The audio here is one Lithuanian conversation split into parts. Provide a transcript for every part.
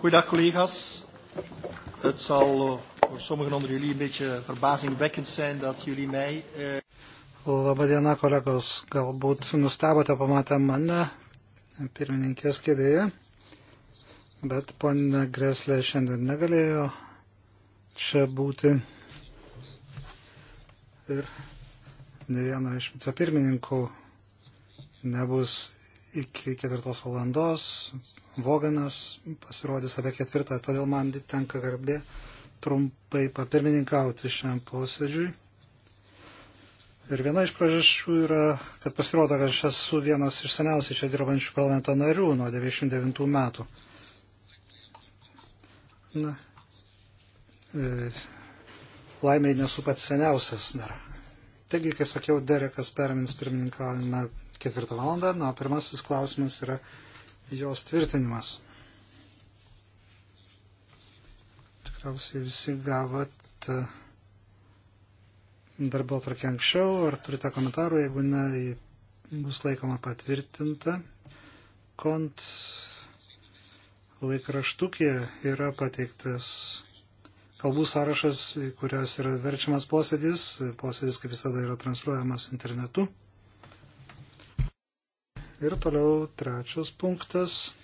Goedendag collega's. Het zal eh, voor sommigen onder jullie een beetje verbazingwekkend zijn dat jullie mij. Eh... Labadiena kolegos, galbūt nustebote pamatę mane pirmininkės kėdėje, bet ponė Greslė šiandien negalėjo čia būti. Ir ne vieno iš vicepirmininkų nebus iki ketvirtos valandos, Voganas pasirodys apie ketvirtą, todėl man tenka garbė trumpai papirmininkauti šiam posėdžiui. Ir viena iš priežasčių yra, kad pasirodo, kad aš esu vienas iš seniausiai čia dirbančių parlamento narių nuo 99 metų. Na, e, laimiai nesu pats seniausias dar. Taigi, kaip sakiau, Derekas permins pirmininkavimą ketvirtą valandą. Na, pirmasis klausimas yra jos tvirtinimas. Tikriausiai visi gavot e, darbo atvarkę anksčiau, ar turite komentarų, jeigu ne, bus laikoma patvirtinta. Kont laikraštukė yra pateiktas kalbų sąrašas, kurios yra verčiamas posėdis. Posėdis, kaip visada, yra transliuojamas internetu. Ir toliau trečias punktas.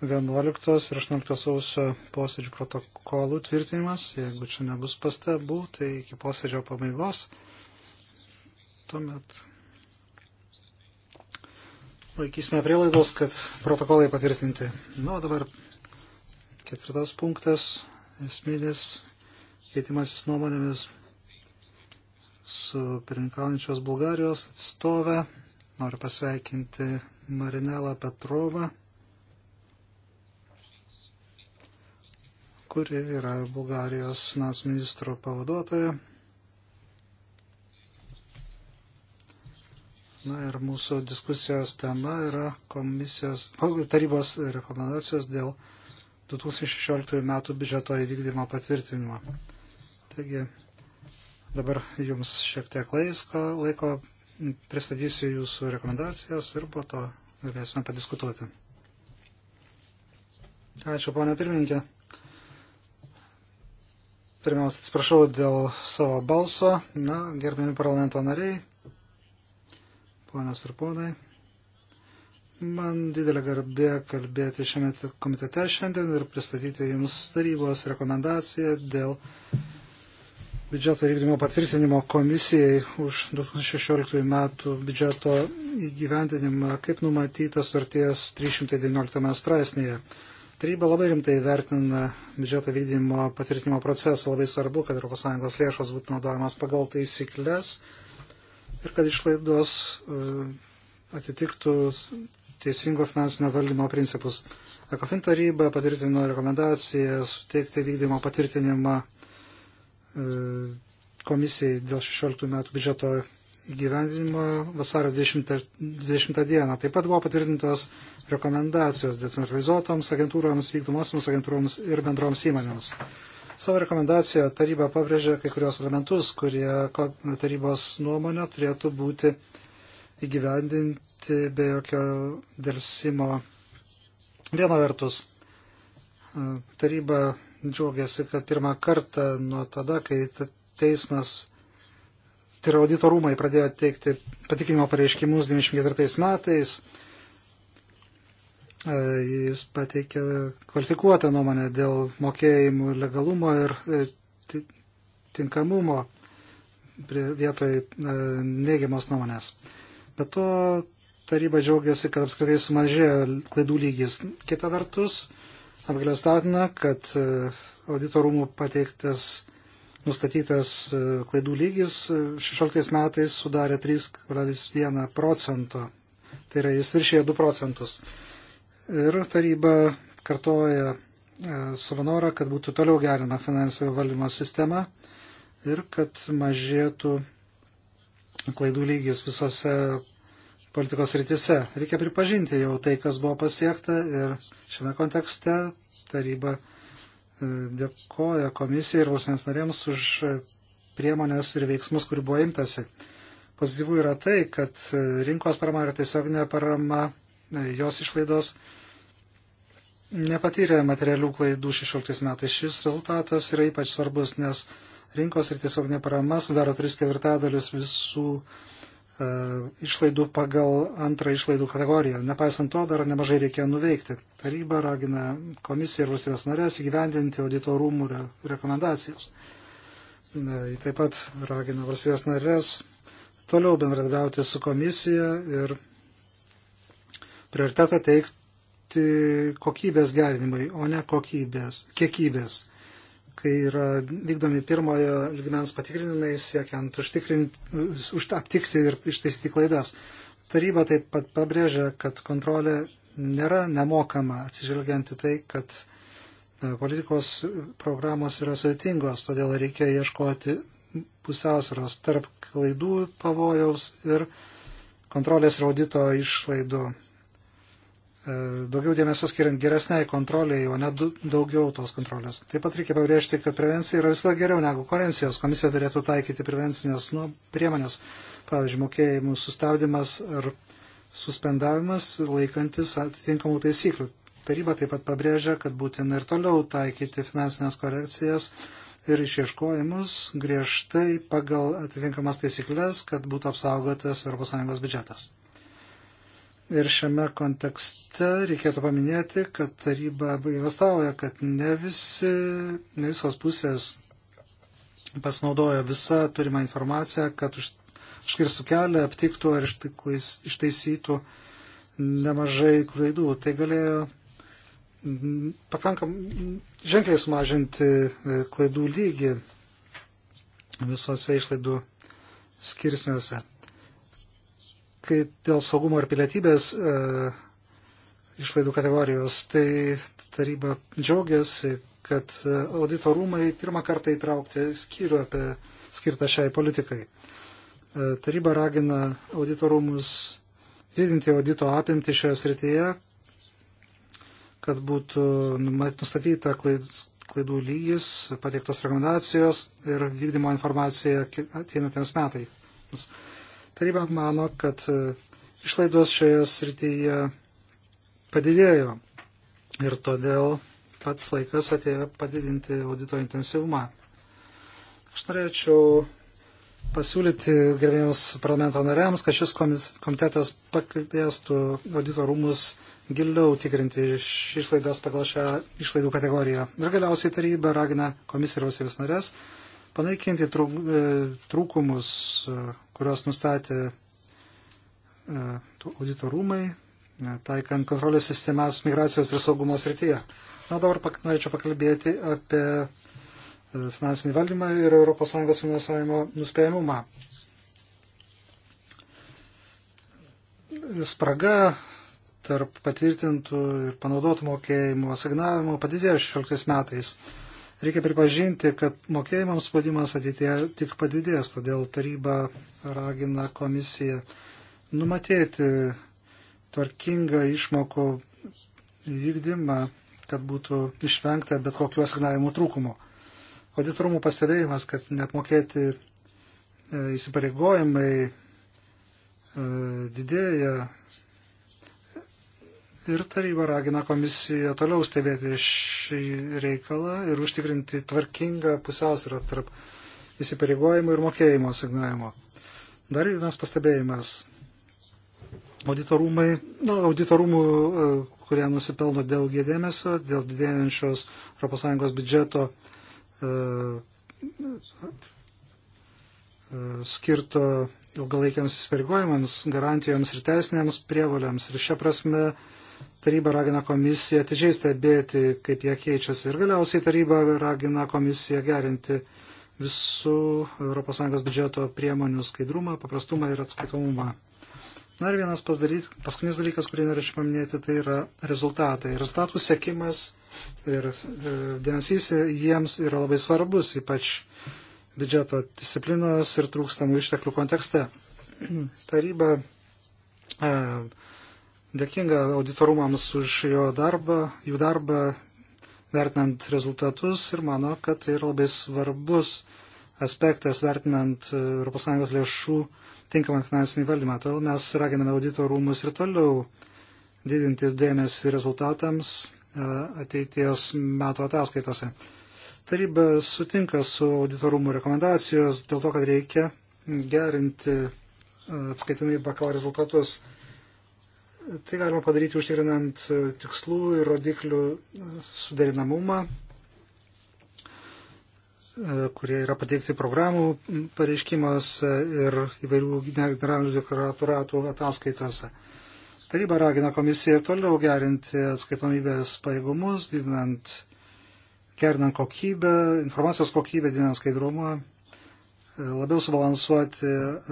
11 ir 18 sausio posėdžių protokolų tvirtinimas. Jeigu čia nebus pastabų, tai iki posėdžio pabaigos. Tuomet laikysime prielaidos, kad protokolai patvirtinti. Na, nu, dabar ketvirtas punktas, esminis keitimasis nuomonėmis su pirinkaujančios Bulgarijos atstove. Noriu pasveikinti Marinelą Petrovą, kuri yra Bulgarijos finansų ministro pavaduotoja. Na ir mūsų diskusijos tema yra komisijos, tarybos rekomendacijos dėl 2016 metų biudžeto įvykdymo patvirtinimo. Taigi dabar jums šiek tiek laisko, laiko pristatysiu jūsų rekomendacijas ir po to galėsime padiskutuoti. Ačiū, ponė pirmininkė. Pirmiausia, atsiprašau dėl savo balso. Na, gerbiami parlamento nariai, ponios ir ponai. Man didelė garbė kalbėti šiame komitete šiandien ir pristatyti Jums tarybos rekomendaciją dėl biudžeto vykdymo patvirtinimo komisijai už 2016 metų biudžeto įgyvendinimą, kaip numatyta sutarties 319 straipsnėje. Taryba labai rimtai vertina biudžeto vykdymo patvirtinimo procesą. Labai svarbu, kad ES lėšos būtų naudojamas pagal taisyklės ir kad išlaidos e, atitiktų teisingo finansinio valdymo principus. Ekofin taryba patvirtino rekomendaciją suteikti vykdymo patvirtinimą E, komisijai dėl 16 metų biudžeto įgyvendinimo vasario 20, 20 dieną. Taip pat buvo patvirtintos rekomendacijos decentralizuotoms agentūroms, vykdomosiams agentūroms ir bendroms įmonėms. Savo rekomendacijoje taryba pabrėžė kai kurios elementus, kurie tarybos nuomonė turėtų būti įgyvendinti be jokio dėlsimo. Viena vertus, e, taryba džiaugiasi, kad pirmą kartą nuo tada, kai teismas, tai yra audito rūmai, pradėjo teikti patikinimo pareiškimus 94 metais, e, jis pateikė kvalifikuotą nuomonę dėl mokėjimų legalumo ir e, tinkamumo vietoj e, neigiamos nuomonės. Bet to taryba džiaugiasi, kad apskritai sumažėjo klaidų lygis. Kita vertus, apgalėstatina, kad e, auditorumų pateiktas nustatytas e, klaidų lygis 16 e, metais sudarė 3,1 procento. Tai yra, jis viršėjo 2 procentus. Ir taryba kartoja savo norą, kad būtų toliau gerina finansinio valdymo sistema ir kad mažėtų klaidų lygis visose politikos rytise. Reikia pripažinti jau tai, kas buvo pasiekta ir šiame kontekste taryba e, dėkoja komisijai ir valstybės narėms už priemonės ir veiksmus, kurių buvo imtasi. Pozityvų yra tai, kad e, rinkos parama yra tiesioginė parama, e, jos išlaidos nepatyrė materialių klaidų 16 metais. Šis rezultatas yra ypač svarbus, nes rinkos ir tiesioginė parama sudaro 3 ketvirtadalius visų uh, E, išlaidų pagal antrą išlaidų kategoriją. Nepaisant to, dar nemažai reikia nuveikti. Taryba ragina komisiją ir valstybės narės įgyvendinti audito rūmų re rekomendacijas. Ji taip pat ragina valstybės narės toliau bendradarbiauti su komisija ir prioritetą teikti kokybės gerinimui, o ne kokybės, kiekybės kai yra vykdomi pirmojo lygmens patikrinimai, siekiant aptikti ir ištaisyti klaidas. Taryba taip pat pabrėžia, kad kontrolė nėra nemokama, atsižvelgiant į tai, kad e, politikos programos yra sudėtingos, todėl reikia ieškoti pusiausvėros tarp klaidų pavojaus ir kontrolės raudito išlaidų. E, daugiau dėmesio skiriant geresniai kontroliai, o ne daugiau tos kontrolės. Taip pat reikia pabrėžti, kad prevencija yra visada geriau negu konvencijos. Komisija turėtų taikyti prevencinės nu, priemonės, pavyzdžiui, mokėjimų sustabdymas ar suspendavimas laikantis atitinkamų taisyklių. Taryba taip pat pabrėžia, kad būtina ir toliau taikyti finansinės korekcijas ir išieškojimus griežtai pagal atitinkamas taisyklės, kad būtų apsaugotas ES biudžetas. Ir šiame kontekste reikėtų paminėti, kad taryba įvestavoja, kad ne, visi, ne visos pusės pasinaudojo visą turimą informaciją, kad užkirstų kelią, aptiktų ar ištaisytų nemažai klaidų. Tai galėjo pakankam ženkliai sumažinti e, klaidų lygį visose išlaidų skirsniuose. Kai dėl saugumo ir pilietybės e, išlaidų kategorijos, tai taryba džiaugiasi, kad e, audito rūmai pirmą kartą įtraukti skyrių apie skirtą šiai politikai. E, taryba ragina audito rūmus didinti audito apimti šioje srityje, kad būtų nustatyta klaidų lygis, pateiktos rekomendacijos ir vykdymo informacija ateinantiems metais. Taryba mano, kad e, išlaidos šioje srityje padidėjo ir todėl pats laikas atėjo padidinti audito intensyvumą. Aš norėčiau pasiūlyti gerbėjams parlamento nariams, kad šis komitetas pakviestų audito rūmus giliau tikrinti išlaidas pagal šią išlaidų kategoriją. Ir galiausiai taryba ragina komisiją ir valstybės narės panaikinti e, trūkumus, e, kuriuos nustatė e, audito rūmai, taikant kontrolės sistemas migracijos ir saugumo srityje. Na, dabar pak, norėčiau pakalbėti apie finansinį valdymą ir ES finansavimo nuspėjamumą. Spraga tarp patvirtintų ir panaudotų mokėjimų asignavimų padidėjo 16 metais. Reikia pripažinti, kad mokėjimams spaudimas ateityje tik padidės, todėl taryba ragina komisiją numatėti tvarkingą išmokų įvykdymą, kad būtų išvengta bet kokių asignavimų trūkumo. Auditorumų pastebėjimas, kad neapmokėti e, įsipareigojimai e, didėja ir taryba ragina komisiją toliau stebėti šį reikalą ir užtikrinti tvarkingą pusiausvyrą tarp įsipareigojimų ir mokėjimo signavimo. Dar vienas pastebėjimas. Auditorumai, nu, auditorumų, e, kurie nusipelno dėl gėdėmėsio, dėl didėjančios ES biudžeto e, e, skirto ilgalaikiams įsipareigojimams, garantijoms ir teisinėms prievoliams. Ir šia prasme Taryba ragina komisiją atidžiai stebėti, kaip jie keičiasi. Ir galiausiai taryba ragina komisiją gerinti visų ES biudžeto priemonių skaidrumą, paprastumą ir atskaitomumą. Na ir vienas pasdaryt, paskutinis dalykas, kurį norėčiau paminėti, tai yra rezultatai. Rezultatų sekimas ir e, dėmesys jiems yra labai svarbus, ypač biudžeto disciplinos ir trūkstamų išteklių kontekste. Taryba e, dėkinga auditorumams už jo darbą, jų darbą, vertinant rezultatus ir mano, kad tai yra labai svarbus aspektas vertinant e, ES lėšų tinkamą finansinį valdymą. Todėl mes raginame auditorumus ir toliau didinti dėmesį rezultatams e, ateities metų ataskaitose. Taryba sutinka su auditorumų rekomendacijos dėl to, kad reikia gerinti e, atskaitomybę pagal rezultatus. Tai galima padaryti užtikrinant e, tikslų ir rodiklių e, suderinamumą, e, kurie yra pateikti programų pareiškimas ir įvairių generalinių deklaratų ataskaitose. Taryba ragina komisiją toliau gerinti atskaitomybės pajėgumus, didinant, gerinant kokybę, informacijos kokybę, didinant skaidrumą labiau subalansuoti,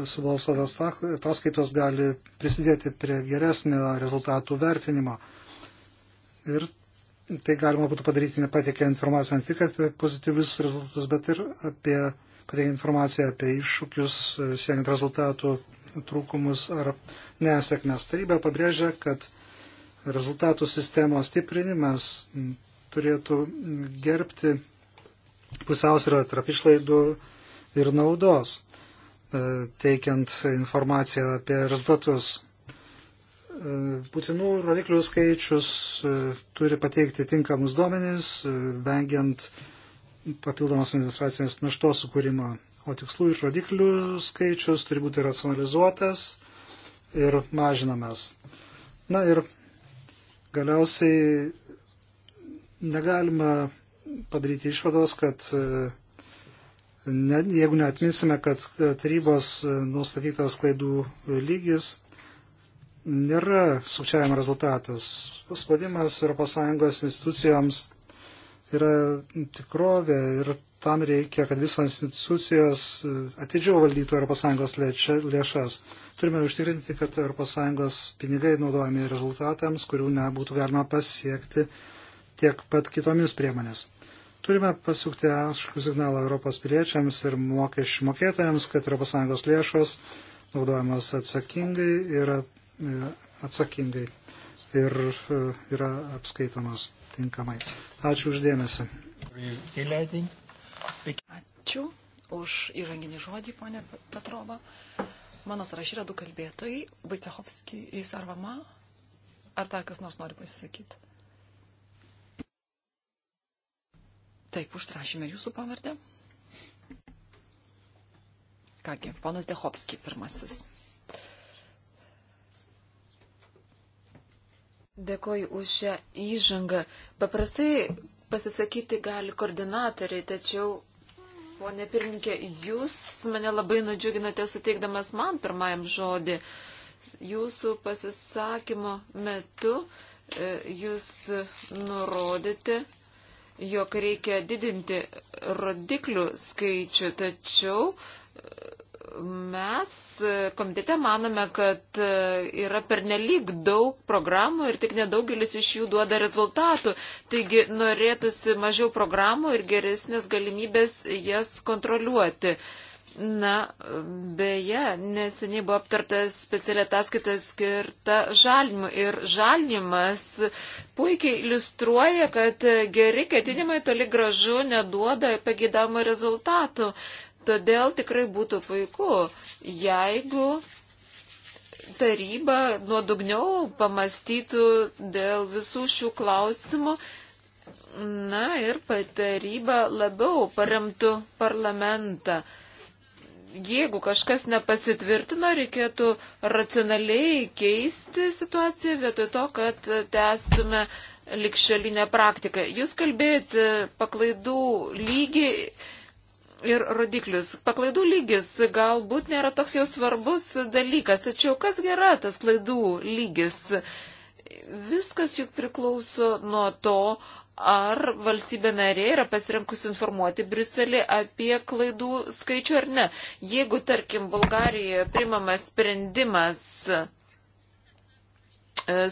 subalansuotos ataskaitos gali prisidėti prie geresnio rezultatų vertinimo. Ir tai galima būtų padaryti nepatiekę informaciją ne tik apie pozityvius rezultatus, bet ir apie pateikę informaciją apie iššūkius, e, siekiant rezultatų trūkumus ar nesėkmes. Taryba pabrėžia, kad rezultatų sistemos stiprinimas turėtų gerbti pusiausvyrą tarp išlaidų ir naudos, e, teikiant informaciją apie rezultatus. E, būtinų rodiklių skaičius e, turi pateikti tinkamus duomenys, vengiant papildomos administracinės naštos sukūrimą, o tikslų ir rodiklių skaičius turi būti racionalizuotas ir mažinamas. Na ir galiausiai negalima padaryti išvados, kad ne, jeigu neatminsime, kad e, tarybos e, nustatytas klaidų lygis nėra sukčiavimo rezultatas. Spaudimas ES institucijoms yra tikrovė ir tam reikia, kad visos institucijos e, atidžiau valdytų ES lėšas. Turime užtikrinti, kad ES pinigai naudojami rezultatams, kurių nebūtų galima pasiekti tiek pat kitomis priemonės. Turime pasukti aiškų signalą Europos piliečiams ir mokesčių mokėtojams, kad ES lėšos naudojamos atsakingai ir e, atsakingai ir e, yra apskaitomos tinkamai. Ačiū uždėmesi. Ačiū už įžanginį žodį, ponė Petrova. Mano sąrašy yra du kalbėtojai - Vaicehovski į Sarvama. Ar dar kas nors nori pasisakyti? Taip, užsirašėme jūsų pavardę. Kągi, ponas Dehovski pirmasis. Dėkoju už šią įžangą. Paprastai pasisakyti gali koordinatoriai, tačiau, ponė pirmininkė, jūs mane labai nudžiuginote suteikdamas man pirmajam žodį. Jūsų pasisakymo metu e, jūs nurodėte, jog reikia didinti rodiklių skaičių, tačiau e, mes e, komitete manome, kad e, yra pernelyg daug programų ir tik nedaugelis iš jų duoda rezultatų. Taigi norėtųsi mažiau programų ir geresnės galimybės jas kontroliuoti. Uh, Na, beje, neseniai buvo aptartas specialia ataskaita skirta žalimui ir žalimas puikiai iliustruoja, kad geri ketinimai toli gražu neduoda pagėdamų rezultatų. Todėl tikrai būtų puiku, jeigu taryba nuodugniau pamastytų dėl visų šių klausimų. Na ir taryba labiau paremtų parlamentą jeigu kažkas nepasitvirtino, reikėtų racionaliai keisti situaciją vietoj to, kad tęstume likščiolinę praktiką. Jūs kalbėjote paklaidų lygį ir rodiklius. Paklaidų lygis galbūt nėra toks jau svarbus dalykas, tačiau kas yra tas klaidų lygis? Viskas juk priklauso nuo to, ar valstybė narė yra pasirinkusi informuoti Briuselį apie klaidų skaičių ar ne. Jeigu, tarkim, Bulgarijoje primamas sprendimas e,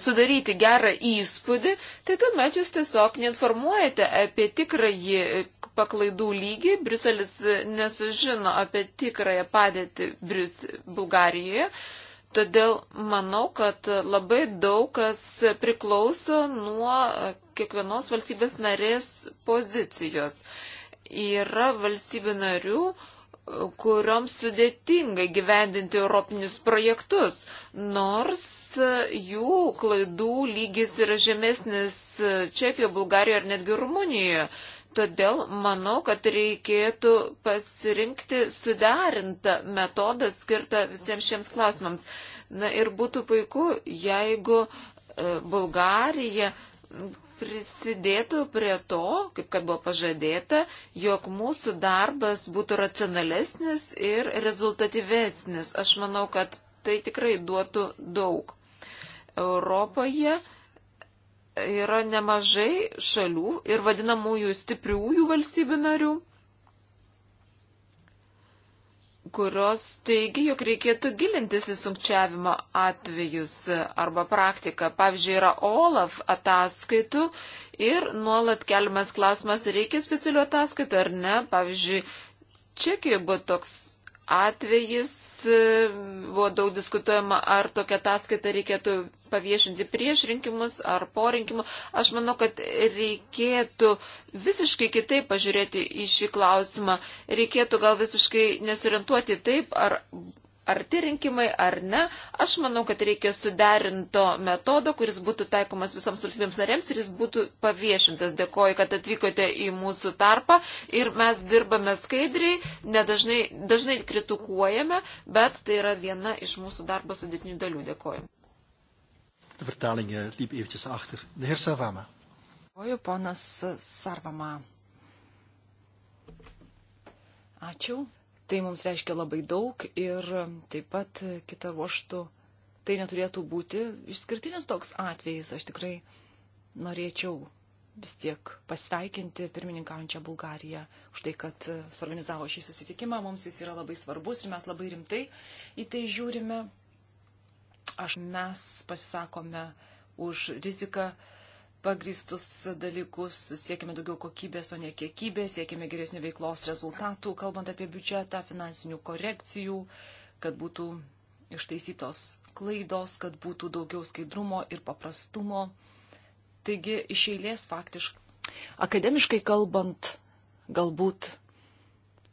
sudaryti gerą įspūdį, tai tuomet jūs tiesiog neinformuojate apie tikrąjį e, paklaidų lygį, Briuselis e, nesužino apie tikrąją padėtį Brius Bulgarijoje. Uh, Todėl manau, kad labai daug kas priklauso nuo kiekvienos valstybės narės pozicijos. Yra valstybių narių, kurioms sudėtinga gyvendinti europinius projektus, nors jų klaidų lygis yra žemesnis Čekijoje, Bulgarijoje ar netgi Rumunijoje. Todėl manau, kad reikėtų pasirinkti suderintą metodą skirtą visiems šiems klausimams. Na ir būtų puiku, jeigu e, Bulgarija prisidėtų prie to, kaip kad buvo pažadėta, jog mūsų darbas būtų racionalesnis ir rezultatyvesnis. Aš manau, kad tai tikrai duotų daug. Europoje yra nemažai šalių ir vadinamųjų stipriųjų valstybių narių, kurios teigia, jog reikėtų gilintis į sunkčiavimo atvejus arba praktiką. Pavyzdžiui, yra OLAF ataskaitų ir nuolat keliamas klausimas, reikia specialių ataskaitų ar ne. Pavyzdžiui, Čekijoje buvo toks atvejis. E, buvo daug diskutuojama, ar tokią ataskaitą reikėtų paviešinti prieš rinkimus ar po rinkimų. Aš manau, kad reikėtų visiškai kitaip pažiūrėti į šį klausimą. Reikėtų gal visiškai nesiorientuoti taip, ar arti rinkimai ar ne. Aš manau, kad reikia suderinto metodo, kuris būtų taikomas visoms valstybėms narėms ir jis būtų paviešintas. Dėkoju, kad atvykote į mūsų tarpą ir mes dirbame skaidriai, nedažnai dažnai kritikuojame, bet tai yra viena iš mūsų darbo sudėtinių dalių. Dėkoju. De vertaling uh, eh, liep eventjes achter. De heer Savama. Dėkoju, ponas Sarvama. Ačiū. Tai mums reiškia labai daug ir taip pat kita ruoštų tai neturėtų būti išskirtinis toks atvejis. Aš tikrai norėčiau vis tiek pasveikinti pirmininkaujančią Bulgariją už tai, kad suorganizavo šį susitikimą. Mums jis yra labai svarbus ir mes labai rimtai į tai žiūrime. Aš mes pasisakome už riziką pagristus dalykus, siekime daugiau kokybės, o ne kiekybės, siekime geresnių veiklos rezultatų, kalbant apie biudžetą, finansinių korekcijų, kad būtų ištaisytos klaidos, kad būtų daugiau skaidrumo ir paprastumo. Taigi iš eilės faktiškai. Akademiškai kalbant, galbūt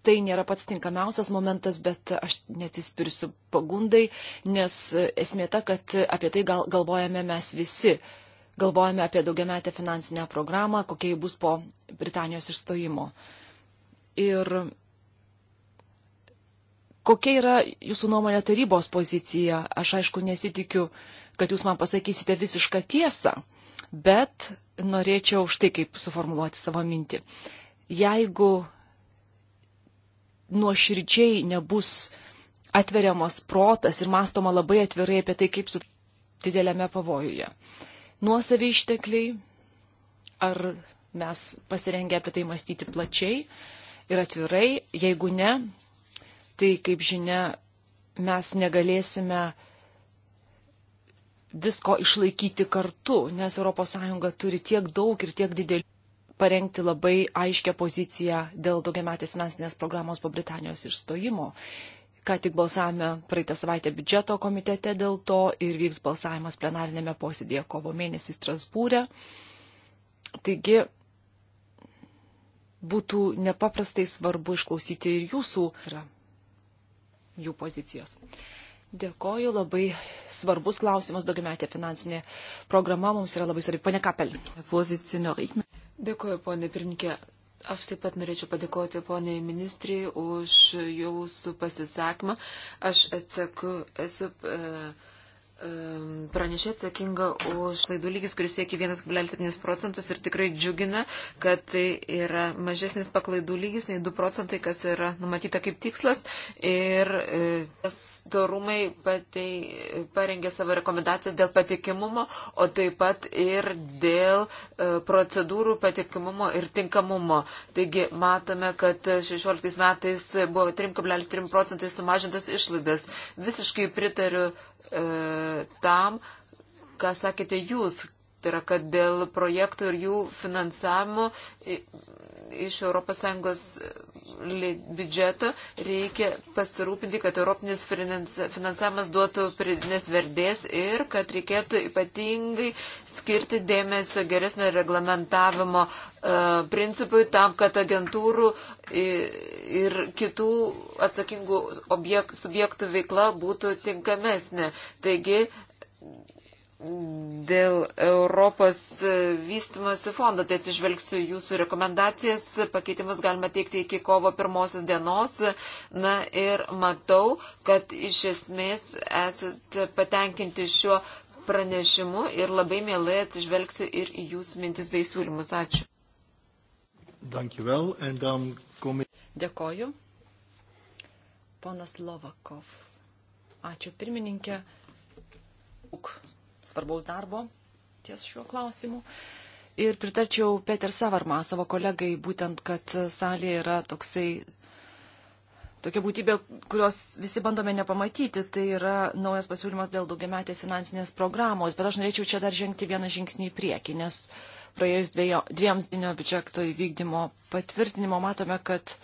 tai nėra pats tinkamiausias momentas, bet aš netispirsiu pagundai, nes esmė ta, kad apie tai gal, galvojame mes visi galvojame apie daugiametę finansinę programą, kokia ji bus po Britanijos išstojimo. Ir kokia yra jūsų nuomonė tarybos pozicija? Aš aišku nesitikiu, kad jūs man pasakysite visišką tiesą, bet norėčiau štai kaip suformuoluoti savo mintį. Jeigu nuoširdžiai nebus atveriamas protas ir mastoma labai atvirai apie tai, kaip su didelėme pavojuje. Uh, nuosavi ištekliai, ar mes pasirengę apie tai mąstyti plačiai ir atvirai. Jeigu ne, tai kaip žinia, mes negalėsime visko išlaikyti kartu, nes ES turi tiek daug ir tiek didelių parengti labai aiškę poziciją dėl daugiametės finansinės programos po Britanijos išstojimo. Ką tik balsavome praeitą savaitę biudžeto komitete dėl to ir vyks balsavimas plenarinėme posėdėje kovo mėnesį Strasbūrė. Taigi būtų nepaprastai svarbu išklausyti ir jūsų, jų pozicijas. Dėkoju, labai svarbus klausimas, daugiametė finansinė programa mums yra labai svarbi. Pane Kapel. Dėkoju, ponė Pirmininkė. Aš taip pat norėčiau padėkoti poniai ministrijai už jūsų pasisakymą. Aš atsaku, esu. E, Pranešė atsakinga už klaidų lygis, kuris siekia 1,7 procentus ir tikrai džiugina, kad tai yra mažesnis paklaidų lygis nei 2 procentai, kas yra numatyta kaip tikslas. Ir e, tas dorumai patei, parengė savo rekomendacijas dėl patikimumo, o taip pat ir dėl e, procedūrų patikimumo ir tinkamumo. Taigi matome, kad 16 metais buvo 3,3 procentai sumažintas išlaidas. Visiškai pritariu E, tam, ką sakėte jūs, Tai yra, kad dėl projektų ir jų finansavimo iš ES biudžeto reikia pasirūpinti, kad europinis finansavimas duotų pridinės verdės ir kad reikėtų ypatingai skirti dėmesio geresnio reglamentavimo e, principui tam, kad agentūrų ir kitų atsakingų objekt, subjektų veikla būtų tinkamesnė. Taigi, Dėl Europos e, vystimosi fondo, tai atsižvelgsiu jūsų rekomendacijas, pakeitimus galima teikti iki kovo pirmosios dienos. Na ir matau, kad iš esmės esat patenkinti šiuo pranešimu ir labai mielai atsižvelgsiu ir į jūsų mintis bei siūlymus. Ačiū. Dankjewel. En dan kom um, ik. Dėkoju. Ponas Lovakov. Ačiū pirmininkė. Uk svarbaus darbo ties šiuo klausimu. Ir pritarčiau Peter Savarma, savo kolegai, būtent, kad salė yra toksai, tokia būtybė, kurios visi bandome nepamatyti, tai yra naujas pasiūlymas dėl daugiametės finansinės programos, bet aš norėčiau čia dar žengti vieną žingsnį į priekį, nes praėjus dviejo, dviems dinio biudžeto įvykdymo patvirtinimo matome, kad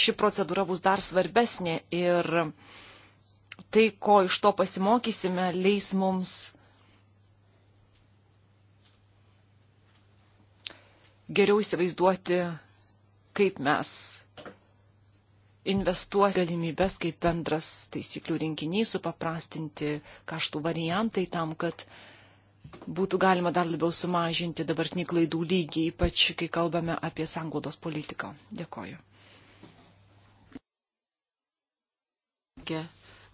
ši procedūra bus dar svarbesnė ir tai, ko iš to pasimokysime, leis mums geriau įsivaizduoti, kaip mes investuos galimybės kaip bendras taisyklių rinkinys, supaprastinti kaštų variantai tam, kad būtų galima dar labiau sumažinti dabartinį klaidų lygį, ypač kai kalbame apie sanglaudos politiką. Dėkoju.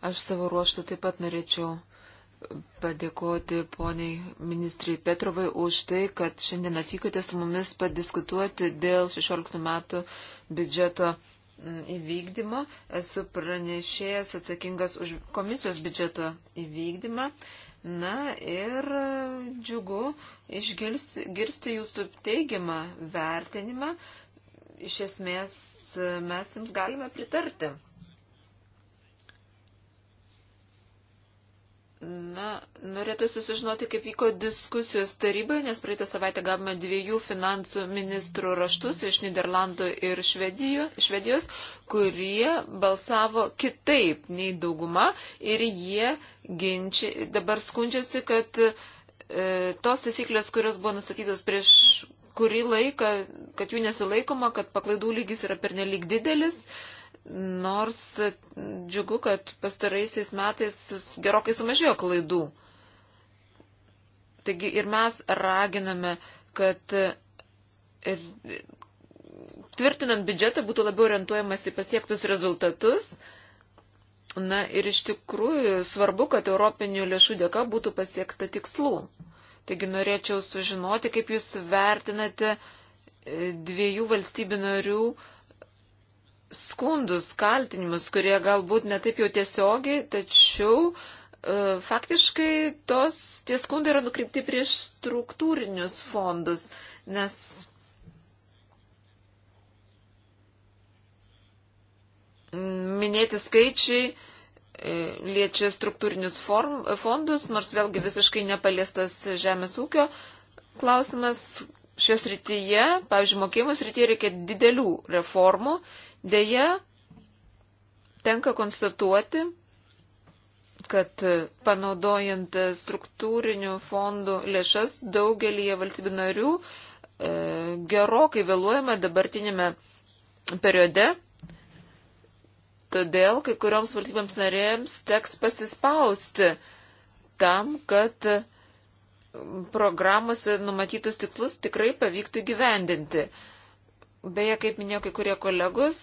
Aš savo ruoštų taip pat norėčiau padėkoti poniai ministrai Petrovai už tai, kad šiandien atvykote su mumis padiskutuoti dėl 16 metų biudžeto mm, įvykdymo. Esu pranešėjas atsakingas už komisijos biudžeto įvykdymą. Na ir e, džiugu išgirsti jūsų teigiamą vertinimą. Iš esmės e, mes jums galime pritarti. Na, norėtų susižinoti, kaip vyko diskusijos taryboje, nes praeitą savaitę gavome dviejų finansų ministrų raštus iš Niderlandų ir Švedijų, Švedijos, kurie balsavo kitaip nei dauguma ir jie ginči, dabar skundžiasi, kad e, tos taisyklės, kurios buvo nustatytos prieš kurį laiką, kad jų nesilaikoma, kad paklaidų lygis yra pernelyg didelis. E, Nors džiugu, kad pastaraisiais metais gerokai sumažėjo klaidų. Taigi ir mes raginame, kad ir tvirtinant biudžetą būtų labiau orientuojamas į pasiektus rezultatus. Na ir iš tikrųjų svarbu, kad europinių lėšų dėka būtų pasiekta tikslų. Taigi norėčiau sužinoti, kaip jūs vertinate e, dviejų valstybių narių uh, skundus, kaltinimus, kurie galbūt netaip jau tiesiogiai, tačiau e, faktiškai tos, tie skundai yra nukreipti prieš struktūrinius fondus, nes. Minėti skaičiai e, liečia struktūrinius form, fondus, nors vėlgi visiškai nepaliestas žemės ūkio klausimas. Šios rytyje, pavyzdžiui, mokėjimus rytyje reikia didelių reformų Deja, tenka konstatuoti, kad panaudojant struktūrinių fondų lėšas daugelį valstybių narių e, gerokai vėluojama dabartinėme periode. Todėl kai kurioms valstybėms narėms teks pasispausti tam, kad programuose numatytus tikslus tikrai pavyktų gyvendinti. Beje, kaip minėjo kai kurie kolegos,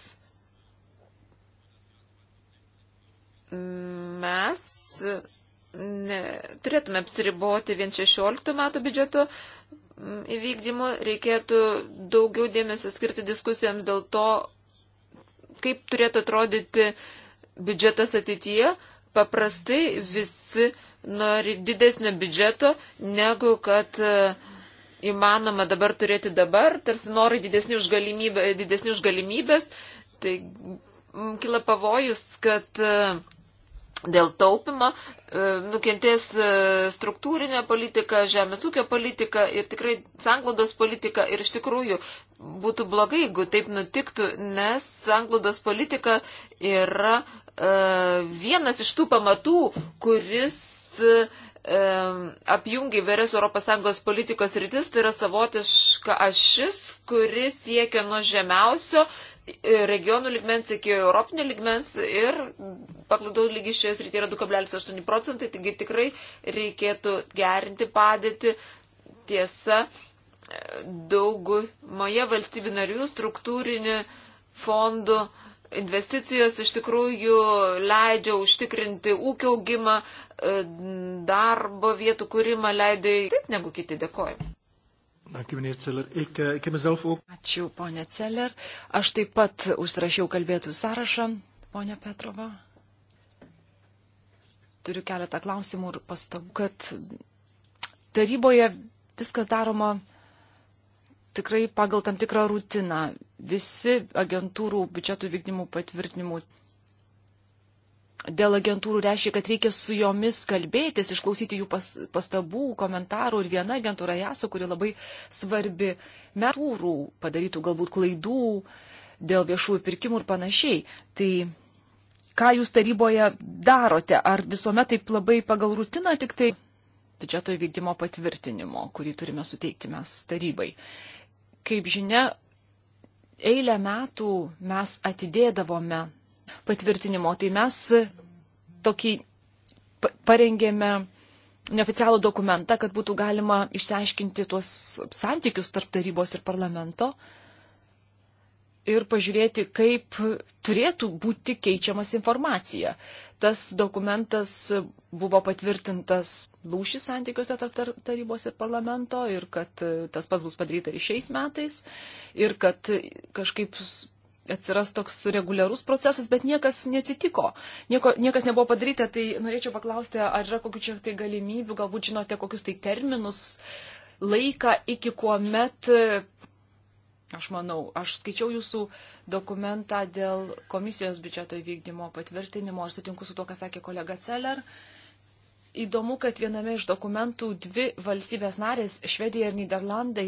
mes ne, turėtume apsiriboti vien 16 metų biudžeto įvykdymu, reikėtų daugiau dėmesio skirti diskusijoms dėl to, kaip turėtų atrodyti biudžetas ateityje. Paprastai visi nori didesnio biudžeto, negu kad uh, įmanoma dabar turėti dabar, tarsi norai didesni už, galimybę, didesni už galimybės, tai kila pavojus, kad e, dėl taupimo e, nukentės e, struktūrinė politika, žemės ūkio politika ir tikrai sanglodos politika ir iš tikrųjų būtų blogai, jeigu taip nutiktų, nes sanglodos politika yra vienas iš tų pamatų, kuris apjungia įvairias ES politikos rytis, tai yra savotiška ašis, kuri siekia nuo žemiausio e, regionų ligmens iki europinio ligmens ir paklaidų lygis šioje srityje yra 2,8 procentai, taigi tikrai reikėtų gerinti padėtį. Tiesa, e, daugumoje valstybių narių struktūrinių fondų investicijos iš tikrųjų leidžia užtikrinti ūkio augimą, E, darbo vietų kūrimą leido taip negu kiti. Dėkoju. Eh, Ačiū, ponė Celler. Aš taip pat užsirašiau kalbėtų sąrašą, ponė Petrova. Turiu keletą klausimų ir pastabų, kad taryboje viskas daroma tikrai pagal tam tikrą rutiną. Visi agentūrų biudžetų vykdymų patvirtinimų dėl agentūrų reiškia, kad reikia su jomis kalbėtis, išklausyti jų pas, pastabų, komentarų ir viena agentūra JASO, kuri labai svarbi, metūrų padarytų galbūt klaidų dėl viešųjų pirkimų ir panašiai. Tai ką jūs taryboje darote? Ar visuomet taip labai pagal rutiną tik tai biudžeto įvykdymo patvirtinimo, kurį turime suteikti mes tarybai? Kaip žinia, eilę metų mes atidėdavome patvirtinimo. Tai mes tokį parengėme neoficialų dokumentą, kad būtų galima išsiaiškinti tuos santykius tarp tarybos ir parlamento ir pažiūrėti, kaip turėtų būti keičiamas informacija. Tas dokumentas buvo patvirtintas lūšis santykiuose tarp tarybos ir parlamento ir kad tas pas bus padaryta ir šiais metais ir kad kažkaip atsiras toks reguliarus procesas, bet niekas neatsitiko, Nieko, niekas nebuvo padaryta, tai norėčiau paklausti, ar yra kokių čia tai galimybių, galbūt žinote kokius tai terminus, laiką iki kuomet, aš manau, aš skaičiau jūsų dokumentą dėl komisijos biudžeto įvykdymo patvirtinimo ir sutinku su to, ką sakė kolega Celler. Įdomu, kad viename iš dokumentų dvi valstybės narės, Švedija ir Niderlandai,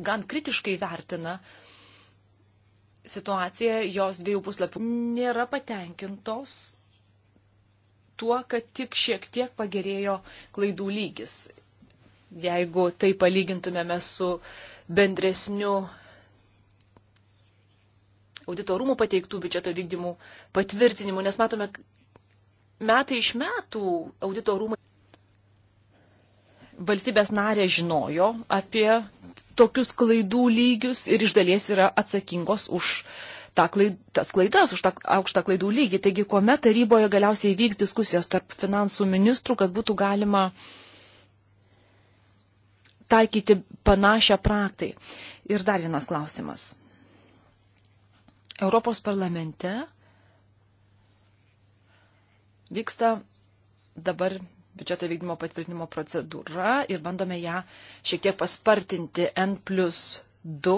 gan kritiškai vertina uh, situacija, jos dviejų puslapių nėra patenkintos tuo, kad tik šiek tiek pagerėjo klaidų lygis. Jeigu tai palygintumėme su bendresniu auditorumų pateiktų biudžeto vykdymų patvirtinimu, nes matome, metai iš metų auditorumai valstybės narė žinojo apie tokius klaidų lygius ir iš dalies yra atsakingos už tą klaid, tas klaidas, už tą aukštą klaidų lygį. Taigi, kuomet taryboje galiausiai vyks diskusijos tarp finansų ministrų, kad būtų galima taikyti panašią praktai. Ir dar vienas klausimas. Europos parlamente vyksta dabar biudžeto vykdymo patvirtinimo procedūra ir bandome ją šiek tiek paspartinti N plus 2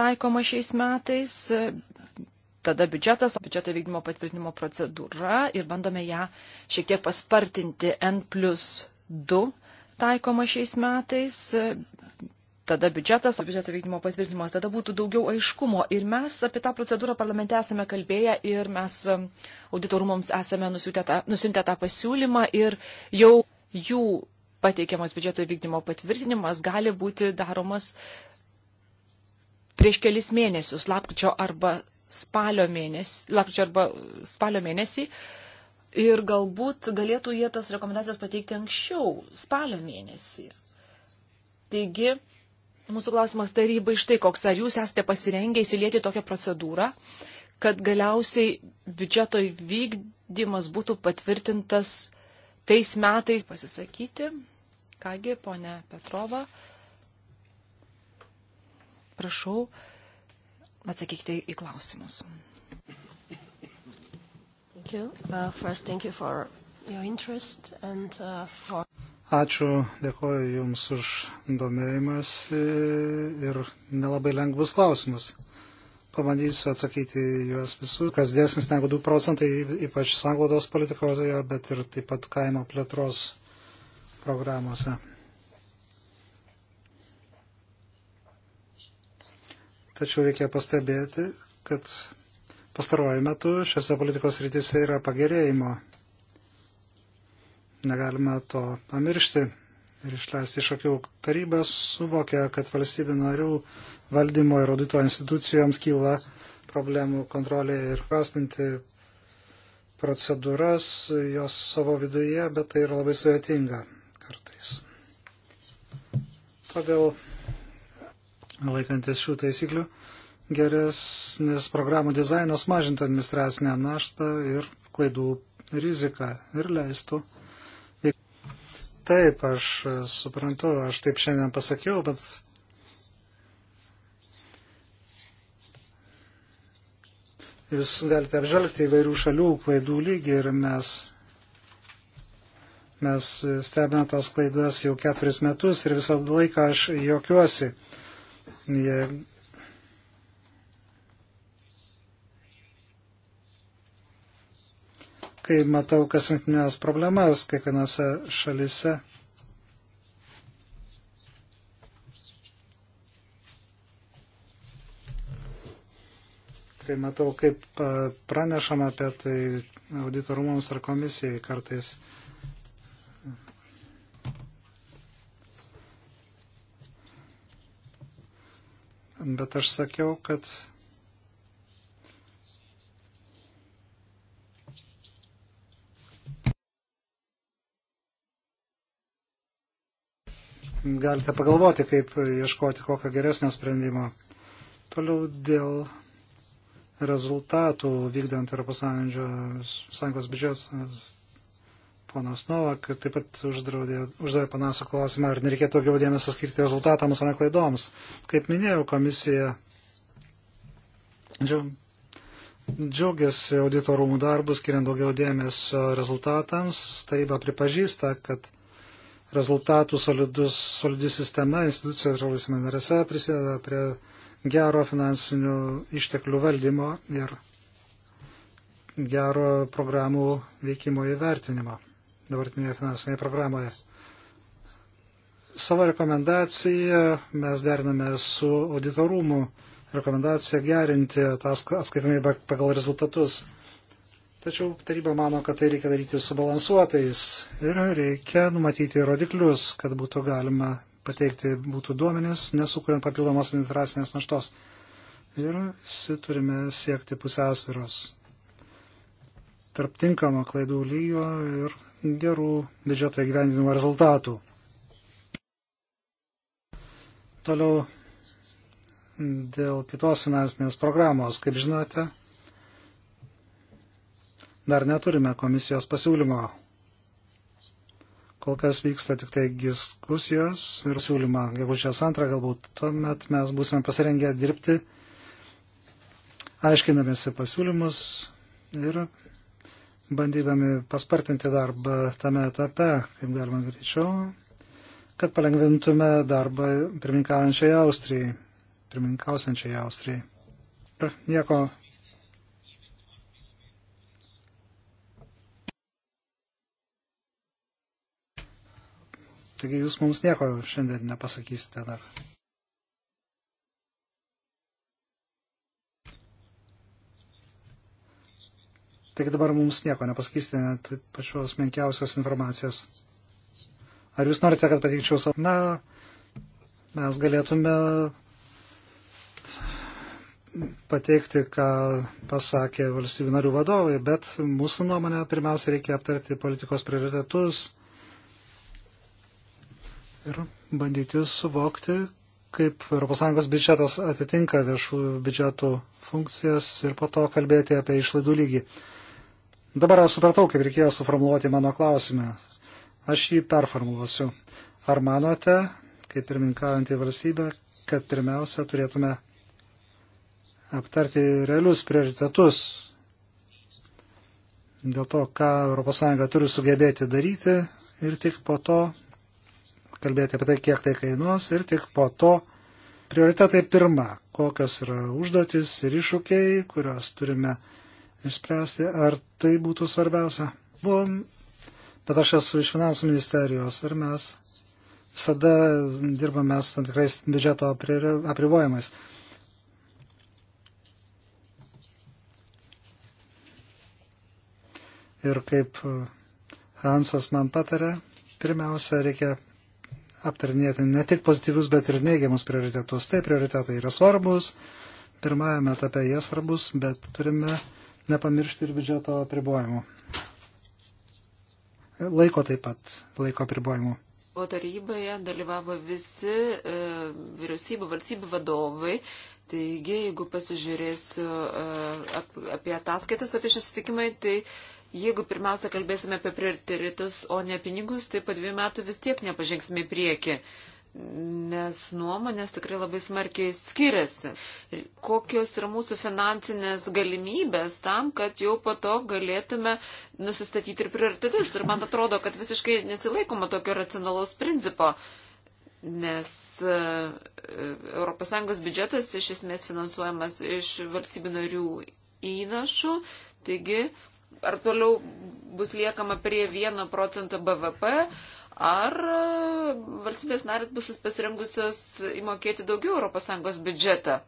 taikoma šiais metais. Tada biudžetas, biudžeto vykdymo patvirtinimo procedūra ir bandome ją šiek tiek paspartinti N plus 2 taikoma šiais metais tada biudžetas, o biudžeto vykdymo patvirtinimas, tada būtų daugiau aiškumo. Ir mes apie tą procedūrą parlamente esame kalbėję ir mes um, auditorumams esame nusintę tą pasiūlymą ir jau jų pateikiamas biudžeto vykdymo patvirtinimas gali būti daromas prieš kelis mėnesius, lapkričio arba spalio mėnesį. Lapkričio arba spalio mėnesį Ir galbūt galėtų jie tas rekomendacijas pateikti anksčiau, spalio mėnesį. Taigi, Mūsų klausimas tarybai štai koks, ar jūs esate pasirengę įsilieti tokią procedūrą, kad galiausiai biudžeto vykdymas būtų patvirtintas tais metais pasisakyti. Kągi, ponia Petrova, prašau, atsakykite į klausimus. Thank you. Uh, first, thank you for your interest and uh, for Ačiū, dėkoju Jums už domėjimas ir nelabai lengvus klausimus. Pabandysiu atsakyti juos visus, kas dėsnis negu 2 procentai, ypač sanglaudos politikoje, bet ir taip pat kaimo plėtros programuose. Tačiau reikia pastebėti, kad pastaruoju metu šiose politikos rytise yra pagerėjimo. Negalime to pamiršti ir išleisti iš akių. Tarybas suvokia, kad valstybių narių valdymo ir audito institucijoms kyla problemų kontrolė ir prastinti procedūras jos savo viduje, bet tai yra labai sudėtinga kartais. Todėl laikantis šių taisyklių geresnis programų dizainas mažintų administracinę naštą ir klaidų riziką ir leistų Taip, aš e, suprantu, aš taip šiandien pasakiau, bet jūs galite apžvelgti įvairių šalių klaidų lygį ir mes, mes stebime tas klaidas jau keturis metus ir visą laiką aš juokiuosi. Jie kai matau kasmetinės problemas kiekvienose šalise. Kai matau, kaip pranešama apie tai auditorumams ar komisijai kartais. Bet aš sakiau, kad galite pagalvoti, kaip ieškoti kokio geresnio sprendimo. Toliau dėl rezultatų vykdant ES biudžetą. Ponas Novak taip pat uždraudė, uždavė panašų klausimą, ar nereikėtų daugiau dėmesio skirti rezultatams, o ne klaidoms. Kaip minėjau, komisija džiaugiasi auditorumų darbus, skiriant daugiau dėmesio rezultatams. Taryba pripažįsta, kad rezultatų solidus, solidus sistema institucijos valstybė narėse prisideda prie gero finansinių išteklių valdymo ir gero programų veikimo įvertinimo dabartinėje finansinėje programoje. Savo rekomendaciją mes deriname su auditorumu rekomendacija gerinti tą atskaitomybę pagal rezultatus. Tačiau taryba mano, kad tai reikia daryti subalansuotais ir reikia numatyti rodiklius, kad būtų galima pateikti būtų duomenis, nesukuriant papildomos administracinės naštos. Ir turime siekti pusiausviros tarp tinkamo klaidų lygio ir gerų biudžeto įgyvendinimo rezultatų. Toliau dėl kitos finansinės programos, kaip žinote, Dar neturime komisijos pasiūlymo. Kol kas vyksta tik tai diskusijos ir siūlymą, jeigu šias antrą galbūt, tuomet mes būsime pasirengę dirbti, aiškinamėsi pasiūlymus ir bandydami paspartinti darbą tame etape, kaip galima greičiau, kad palengvintume darbą pirmininkaujančiai Austrijai, pirmininkausiančiai Austrijai. Ir nieko Taigi jūs mums nieko šiandien nepasakysite dar. Taigi dabar mums nieko nepasakysite net pačios menkiausios informacijos. Ar jūs norite, kad pateikčiau savo? Na, mes galėtume pateikti, ką pasakė valstybių narių vadovai, bet mūsų nuomonė pirmiausia reikia aptarti politikos prioritetus ir bandyti suvokti, kaip ES biudžetas atitinka viešųjų biudžetų funkcijas ir po to kalbėti apie išlaidų lygį. Dabar aš supratau, kaip reikėjo suformuoluoti mano klausimą. Aš jį performuluosiu. Ar manote, kaip pirminkaujantį valstybę, kad pirmiausia turėtume aptarti realius prioritetus dėl to, ką ES turi sugebėti daryti ir tik po to kalbėti apie tai, kiek tai kainuos ir tik po to prioritetai pirma, kokios yra užduotis ir iššūkiai, kuriuos turime išspręsti, ar tai būtų svarbiausia. Buvom, nu, bet aš esu iš finansų ministerijos ir mes visada dirbame su tam tikrais biudžeto apribojimais. Ir kaip Hansas man patarė, pirmiausia, reikia aptarinėti ne tik pozityvius, bet ir neigiamus prioritetus. Tai prioritetai yra svarbus, pirmajame etape jie svarbus, bet turime nepamiršti ir biudžeto apribojimų. Laiko taip pat, laiko apribojimų. O taryboje dalyvavo visi e, vyriausybių, valstybių vadovai. Taigi, jeigu pasižiūrėsiu e, ap, apie ataskaitas, apie šį sutikimą, tai e, Jeigu pirmiausia kalbėsime apie prioritetus, o ne pinigus, tai po dviejų metų vis tiek nepažengsime į priekį, nes nuomonės tikrai labai smarkiai skiriasi. Kokios yra mūsų finansinės galimybės tam, kad jau po to galėtume nusistatyti ir prioritetus. Ir man atrodo, kad visiškai nesilaikoma tokio racionalaus principo nes ES biudžetas iš esmės finansuojamas iš valstybių narių įnašų, taigi ar toliau bus liekama prie 1 procento BVP, ar e, valstybės narės bus pasirengusios įmokėti daugiau ES biudžetą.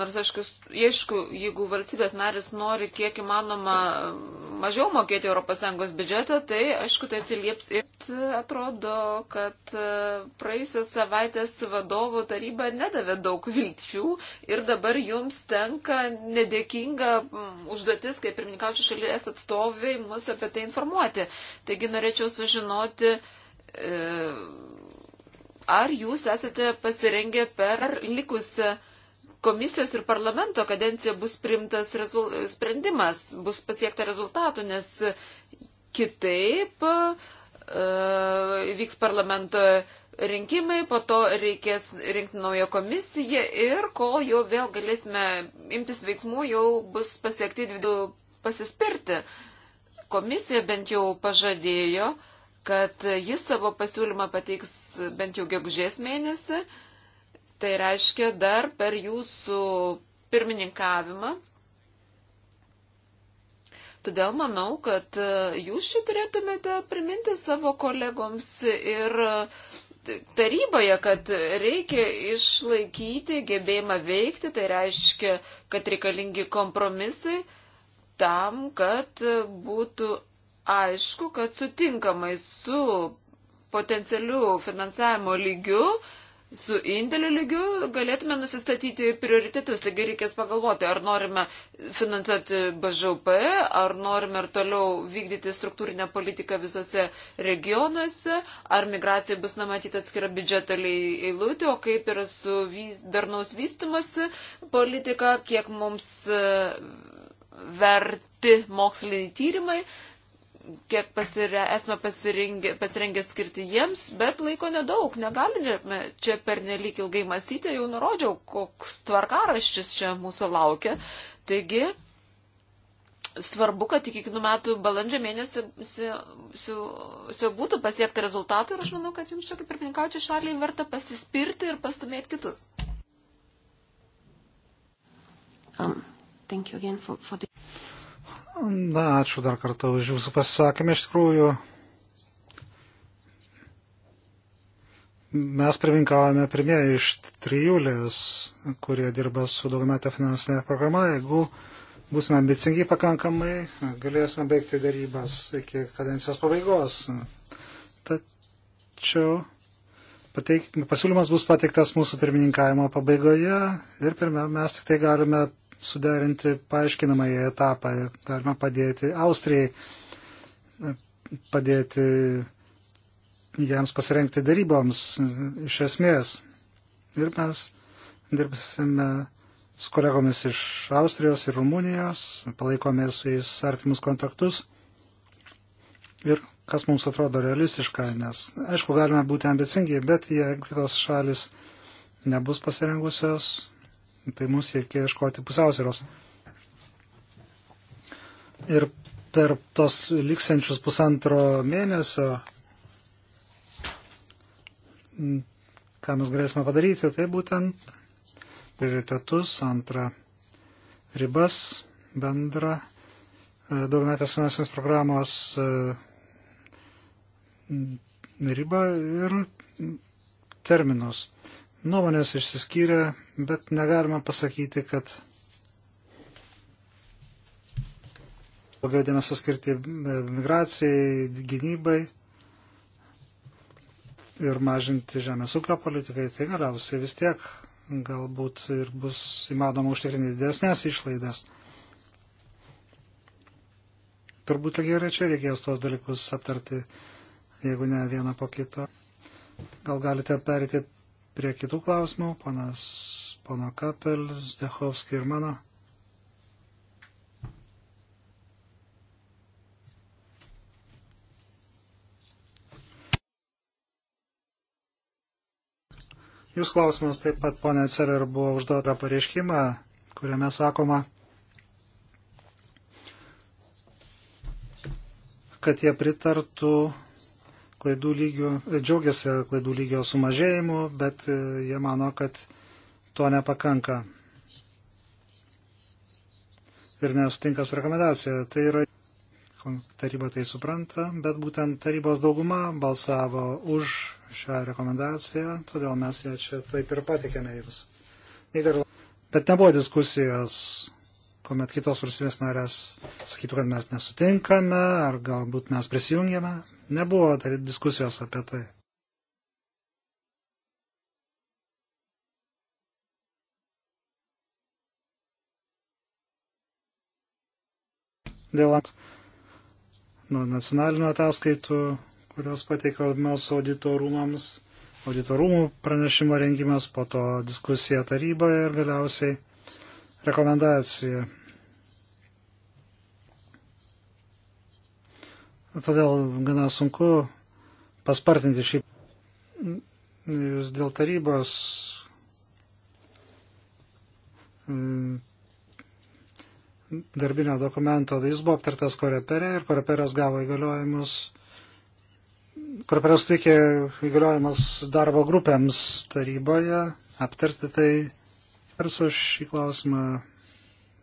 Nors, aišku, aišku, jeigu valstybės narės nori kiek įmanoma mažiau mokėti ES biudžetą, tai, aišku, tai atsilieps ir atrodo, kad e, praėjusios savaitės vadovų taryba nedavė daug vilčių ir dabar jums tenka nedėkinga užduotis, kaip pirmininkaučių šalies atstoviai, mus apie tai informuoti. Taigi norėčiau sužinoti. E, Ar jūs esate pasirengę per likusią komisijos ir parlamento kadencija bus primtas rezul... sprendimas, bus pasiekta rezultatų, nes kitaip uh, vyks parlamento rinkimai, po to reikės rinkti naują komisiją ir kol jau vėl galėsime imtis veiksmų, jau bus pasiekti dvidų pasispirti. Komisija bent jau pažadėjo, kad jis savo pasiūlymą pateiks bent jau gegužės mėnesį. Uh, Tai reiškia dar per jūsų pirmininkavimą. Todėl manau, kad e, jūs šį turėtumėte priminti savo kolegoms ir e, taryboje, kad reikia išlaikyti gebėjimą veikti, tai reiškia, kad reikalingi kompromisai tam, kad būtų aišku, kad sutinkamai su potencialiu finansavimo lygiu su indėliu lygiu galėtume nusistatyti prioritetus, taigi reikės pagalvoti, ar norime finansuoti BŽP, ar norime ir toliau vykdyti struktūrinę politiką visose regionuose, ar migracija bus numatyta atskira biudžetaliai eilutė, o kaip yra su vys, darnaus vystimasi politika, kiek mums e, verti moksliniai tyrimai kiek pasire, esame pasirengę, pasirengę skirti jiems, bet laiko nedaug, negalime čia per nelik ilgai mąstyti, jau nurodžiau, koks tvarkaraštis čia mūsų laukia. Taigi, svarbu, kad iki kitų metų balandžio mėnesio su, su, su būtų pasiekta rezultatų ir aš manau, kad jums čia kaip ir pininkaučia šaliai verta pasispirti ir pastumėti kitus. Um, for, for the... Na, ačiū dar kartą už jūsų pasisakymą. Iš tikrųjų, mes pirmininkavome pirmieji iš trijulės, kurie dirba su daugiametė finansinė programa. Jeigu būsime ambicingi pakankamai, galėsime baigti darybas iki kadencijos pabaigos. Tačiau pateik, pasiūlymas bus pateiktas mūsų pirmininkavimo pabaigoje ir pirmia, mes tik tai galime suderinti paaiškinamąjį etapą. Galima padėti Austrijai, padėti jiems pasirengti daryboms iš esmės. Ir mes dirbsime su kolegomis iš Austrijos ir Rumunijos, palaikome su jais artimus kontaktus. Ir kas mums atrodo realistiška, nes aišku, galime būti ambicingi, bet jei kitos šalis nebus pasirengusios Tai mums reikia ieškoti pusiausvėros. Ir per tos liksenčius pusantro mėnesio, ką mes galėsime padaryti, tai būtent prioritetus, antrą ribas, bendrą e, daugmetės finansinės programos e, ribą ir terminus. Nuomonės išsiskyrė, bet negalima pasakyti, kad daugiau dėmesio skirti e, migracijai, gynybai ir mažinti žemės ūkio politikai, tai galiausiai vis tiek galbūt ir bus įmanoma užtikrinti didesnės išlaidas. Turbūt lygiai ir čia reikės tuos dalykus aptarti, jeigu ne vieną po kito. Gal galite perėti prie kitų klausimų, ponas, pono Kapel, Zdechovski ir mano. Jūs klausimas taip pat, ponė Celer, buvo užduota pareiškimą, kuriame sakoma, kad jie pritartų klaidų lygių, džiaugiasi klaidų lygio sumažėjimu, bet e, jie mano, kad to nepakanka. Ir nesutinka su rekomendacija. Tai yra, taryba tai supranta, bet būtent tarybos dauguma balsavo už šią rekomendaciją, todėl mes ją čia taip ir patikėme jums. Bet nebuvo diskusijos kuomet kitos valstybės narės sakytų, kad mes nesutinkame, ar galbūt mes prisijungiame, Nebuvo tai diskusijos apie tai. Dėl nuo nacionalinių ataskaitų, kurios pateikiamos auditorumams, auditorumų pranešimo rengimas, po to diskusija taryboje ir galiausiai rekomendacija Todėl gana sunku paspartinti šį. Jūs dėl tarybos mm, darbinio dokumento, tai jis buvo aptartas korepere ir koreperas gavo įgaliojimus, koreperas teikė įgaliojimus darbo grupėms taryboje aptarti tai ir su šį klausimą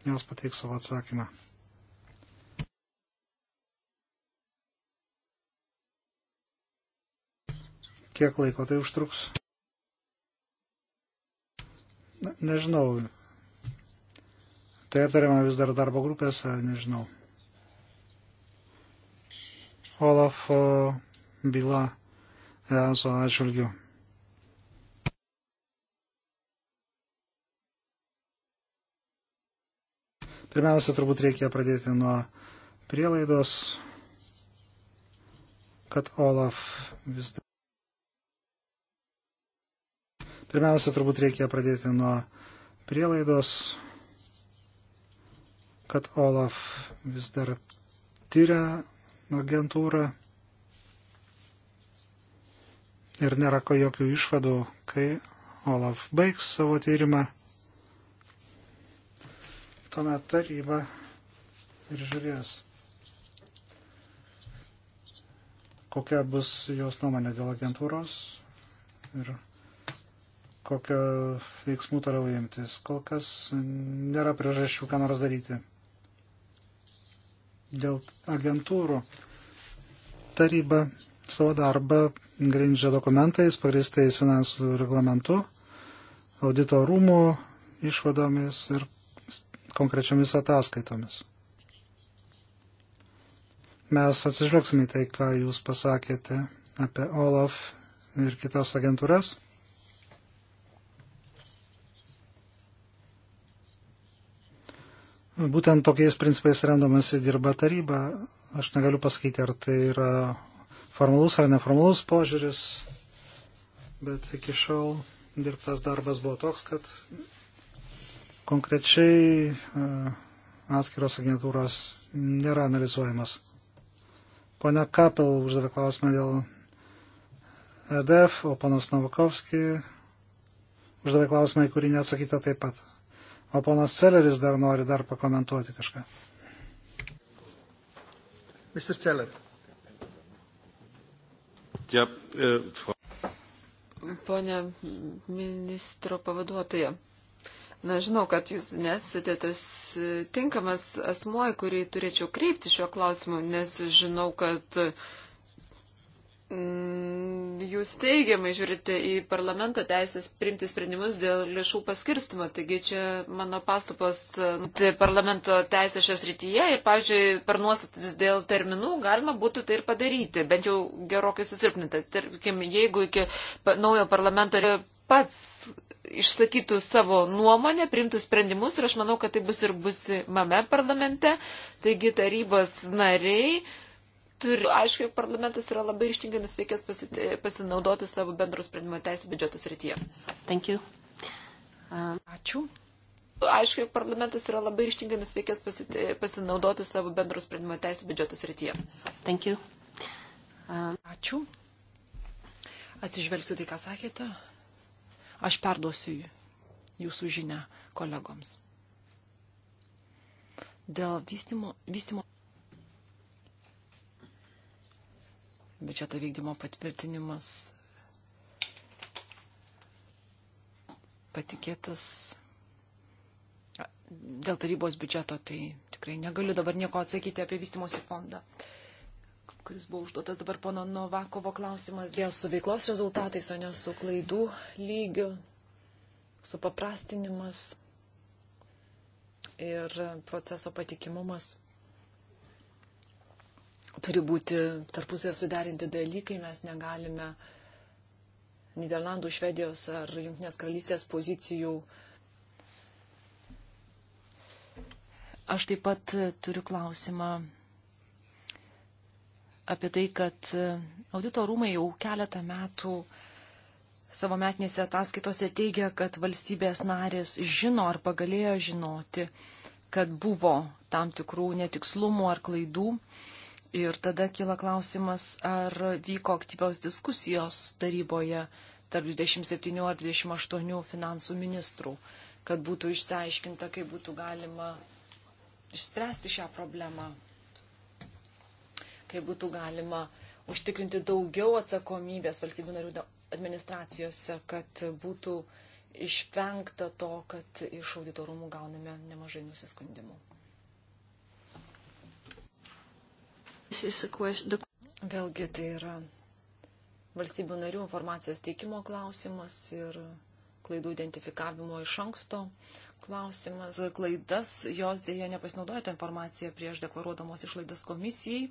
jos pateiks savo atsakymą. Kiek laiko tai užtruks? Na, nežinau. Tai aptariama vis dar darbo grupėse, nežinau. Olafo byla ESO atžvilgiu. Pirmiausia, turbūt reikia pradėti nuo prielaidos, kad Olaf vis Pirmiausia, turbūt reikia pradėti nuo prielaidos, kad Olaf vis dar tyria agentūrą ir nėra ko jokių išvadų, kai Olaf baigs savo tyrimą. Tuomet taryba ir žiūrės, kokia bus jos nuomonė dėl agentūros ir kokio veiksmų toliau imtis. Kol kas nėra priežasčių, ką nors daryti. Dėl agentūrų taryba savo darbą grindžia dokumentais, pagristais finansų reglamentu, audito rūmų išvadomis ir konkrečiomis ataskaitomis. Mes atsižvelgsime į tai, ką jūs pasakėte apie OLAF ir kitas agentūras. Būtent tokiais principais remdamasi dirba taryba. Aš negaliu pasakyti, ar tai yra formalus ar neformalus požiūris, bet iki šiol dirbtas darbas buvo toks, kad konkrečiai e, atskiros agentūros nėra analizuojamas. Pone Kapel uždavė klausimą dėl EDF, o panas Novakovski uždavė klausimą, į kurį neatsakyta taip pat. O ponas Selleris dar nori dar pakomentuoti kažką. Mr. Seller. Ja, uh, Pone ministro pavaduotoja, na žinau, kad jūs nesate tas e, tinkamas asmuo, kurį turėčiau kreipti šiuo klausimu, nes žinau, kad uh, Mm, jūs teigiamai žiūrite į parlamento teisės priimti sprendimus dėl lėšų paskirstimo, taigi čia mano pastupos mm, tai parlamento teisės šios rytyje ir, pavyzdžiui, per nuostatis dėl terminų galima būtų tai ir padaryti, bent jau gerokai susilpninti. Tarkim, jeigu iki naujo parlamento pats išsakytų savo nuomonę, priimtų sprendimus ir aš manau, kad tai bus ir busimame parlamente, taigi tarybos nariai turi, aišku, parlamentas yra labai ištingai nusiteikęs pasinaudoti savo bendro sprendimo teisę biudžeto srityje. Thank you. Um. Ačiū. Aišku, parlamentas yra labai ištingai nusiteikęs pasinaudoti savo bendro sprendimo teisę biudžeto srityje. Thank you. Um. Ačiū. Atsižvelgsiu tai, ką sakėte. Aš perduosiu jūsų žinę kolegoms. Dėl vystimo. vystimo... biudžeto vykdymo patvirtinimas patikėtas dėl tarybos biudžeto, tai tikrai negaliu dabar nieko atsakyti apie vystimosi fondą, kuris buvo užduotas dabar pono Novakovo klausimas dėl su veiklos rezultatais, o ne su klaidų lygiu, su paprastinimas ir proceso patikimumas turi būti tarpusavio suderinti dalykai, mes negalime Niderlandų, Švedijos ar Junktinės karalystės pozicijų. Aš taip pat turiu klausimą apie tai, kad audito rūmai jau keletą metų savo metinėse ataskaitose teigia, kad valstybės narės žino ar galėjo žinoti, kad buvo tam tikrų netikslumų ar klaidų Ir tada kyla klausimas, ar vyko aktyvios diskusijos taryboje tarp 27 ar 28 finansų ministrų, kad būtų išsiaiškinta, kaip būtų galima išspręsti šią problemą, kaip būtų galima užtikrinti daugiau atsakomybės valstybių narių administracijose, kad būtų išvengta to, kad iš auditorumų gauname nemažai nusiskundimų. Vėlgi tai yra valstybių narių informacijos teikimo klausimas ir klaidų identifikavimo iš anksto klausimas. Klaidas jos dėja nepasinaudoja tą informaciją prieš deklaruodamos išlaidas komisijai.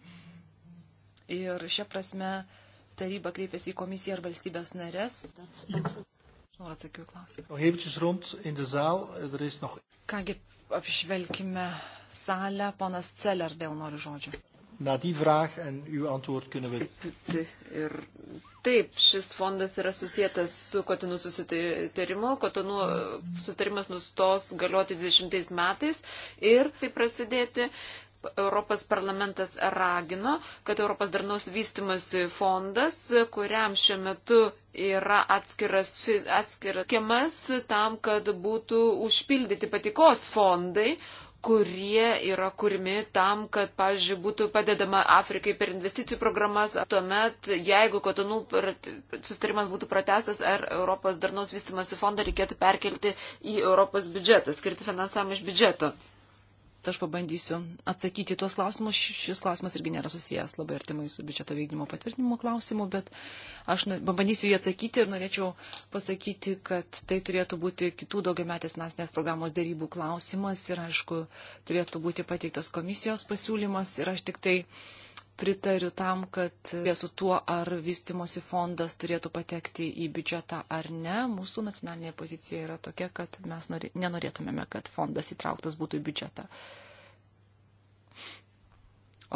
Ir šia prasme taryba kreipėsi į komisiją ar valstybės narės. Noriu atsakiau klausimą. Er Kągi, apžvelkime salę. Ponas Celler vėl nori žodžio naar die vraag en uw antwoord kunnen we. Ir taip, šis fondas yra susijęs su Kotinų susitarimu. Kotinų susitarimas nustos galioti 20 metais ir tai prasidėti. Europos parlamentas ragino, kad Europos darnaus vystimosi fondas, kuriam šiuo metu yra atskiras, atskiras kiemas tam, kad būtų užpildyti patikos fondai, kurie yra kurmi tam, kad, pavyzdžiui, būtų padedama Afrikai per investicijų programas, tuomet, jeigu kotonų sustarimas būtų protestas, ar Europos darnaus vystimasi fondą reikėtų perkelti į Europos biudžetą, skirti finansavimą iš biudžeto aš pabandysiu atsakyti tuos klausimus. Šis klausimas irgi nėra susijęs labai artimai su biudžeto vykdymo patvirtinimo klausimu, bet aš pabandysiu jį atsakyti ir norėčiau pasakyti, kad tai turėtų būti kitų daugiametės nacinės programos dėrybų klausimas ir, aišku, turėtų būti pateiktas komisijos pasiūlymas ir aš tik tai uh, pritariu tam, kad su tuo, ar vystimosi fondas turėtų patekti į biudžetą ar ne. Mūsų nacionalinė pozicija yra tokia, kad mes norė, nenorėtumėme, kad fondas įtrauktas būtų į biudžetą.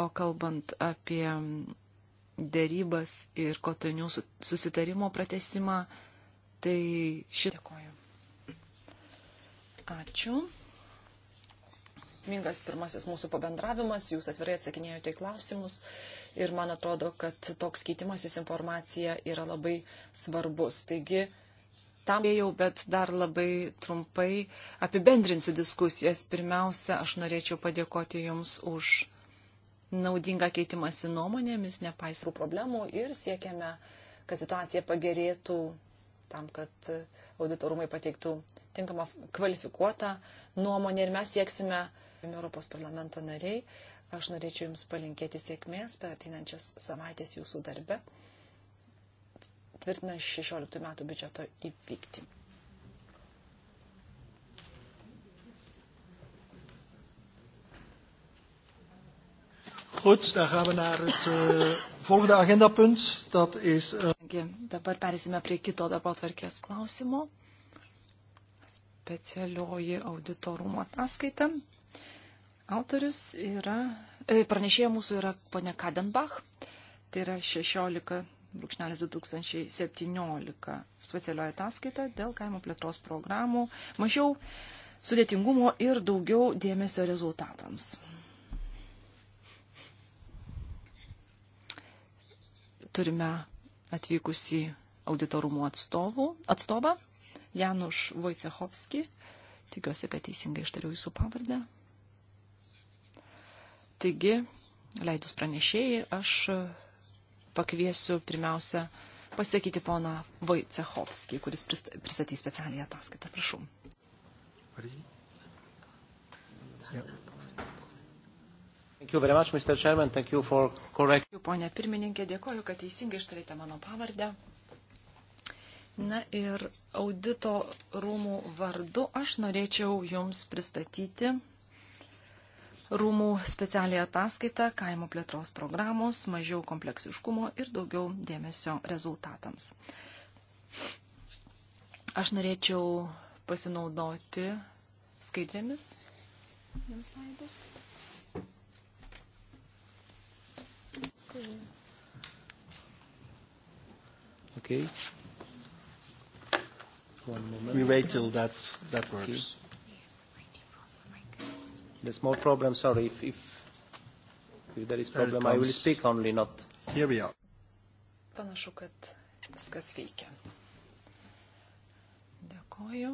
O kalbant apie dėrybas ir kotonių susitarimo pratesimą, tai šitą dėkoju. Ačiū sėkmingas pirmasis mūsų pabendravimas, jūs atvirai atsakinėjote į klausimus ir man atrodo, kad toks keitimasis informacija yra labai svarbus. Taigi, tam jau, bet dar labai trumpai apibendrinsiu diskusijas. Pirmiausia, aš norėčiau padėkoti Jums už naudingą keitimąsi nuomonėmis, nepaisant problemų ir siekiame, kad situacija pagerėtų tam, kad auditorumai pateiktų tinkamą kvalifikuotą nuomonę ir mes sieksime Gerbimi Europos parlamento nariai, aš norėčiau Jums palinkėti sėkmės per ateinančias savaitės Jūsų darbe, tvirtina 16 metų biudžeto įvykti. Goed, dan gaan we naar het uh, volgende agendapunt. Dat is. Uh... Dabar perėsime prie kito darbo tvarkės klausimo. Specialioji auditorumo ataskaita. Autorius yra, e, pranešėja mūsų yra ponia Kadenbach, tai yra 16.2017 specialioje ataskaita dėl kaimo plėtros programų, mažiau sudėtingumo ir daugiau dėmesio rezultatams. Turime atvykusi auditorumų atstovų, atstovą Januš Vojcehovski. Tikiuosi, kad teisingai ištariau jūsų pavardę. Taigi, leidus pranešėjai, aš pakviesiu pirmiausia pasakyti poną Vojcehovskį, kuris pristatys specialiai ataskaitą. Prašau. Correct... Pone pirmininkė, dėkoju, kad teisingai ištarėte mano pavardę. Na ir audito rūmų vardu aš norėčiau Jums pristatyti rūmų specialią ataskaitą kaimo plėtros programos, mažiau kompleksiškumo ir daugiau dėmesio rezultatams. Aš norėčiau pasinaudoti skaidrėmis. Jums leidus. Okay. One moment. We wait till that, that works. Okay the small problem, sorry, if, if, if there is problem, I will speak only, not... Here we are. Panašu, kad viskas veikia. Dėkoju.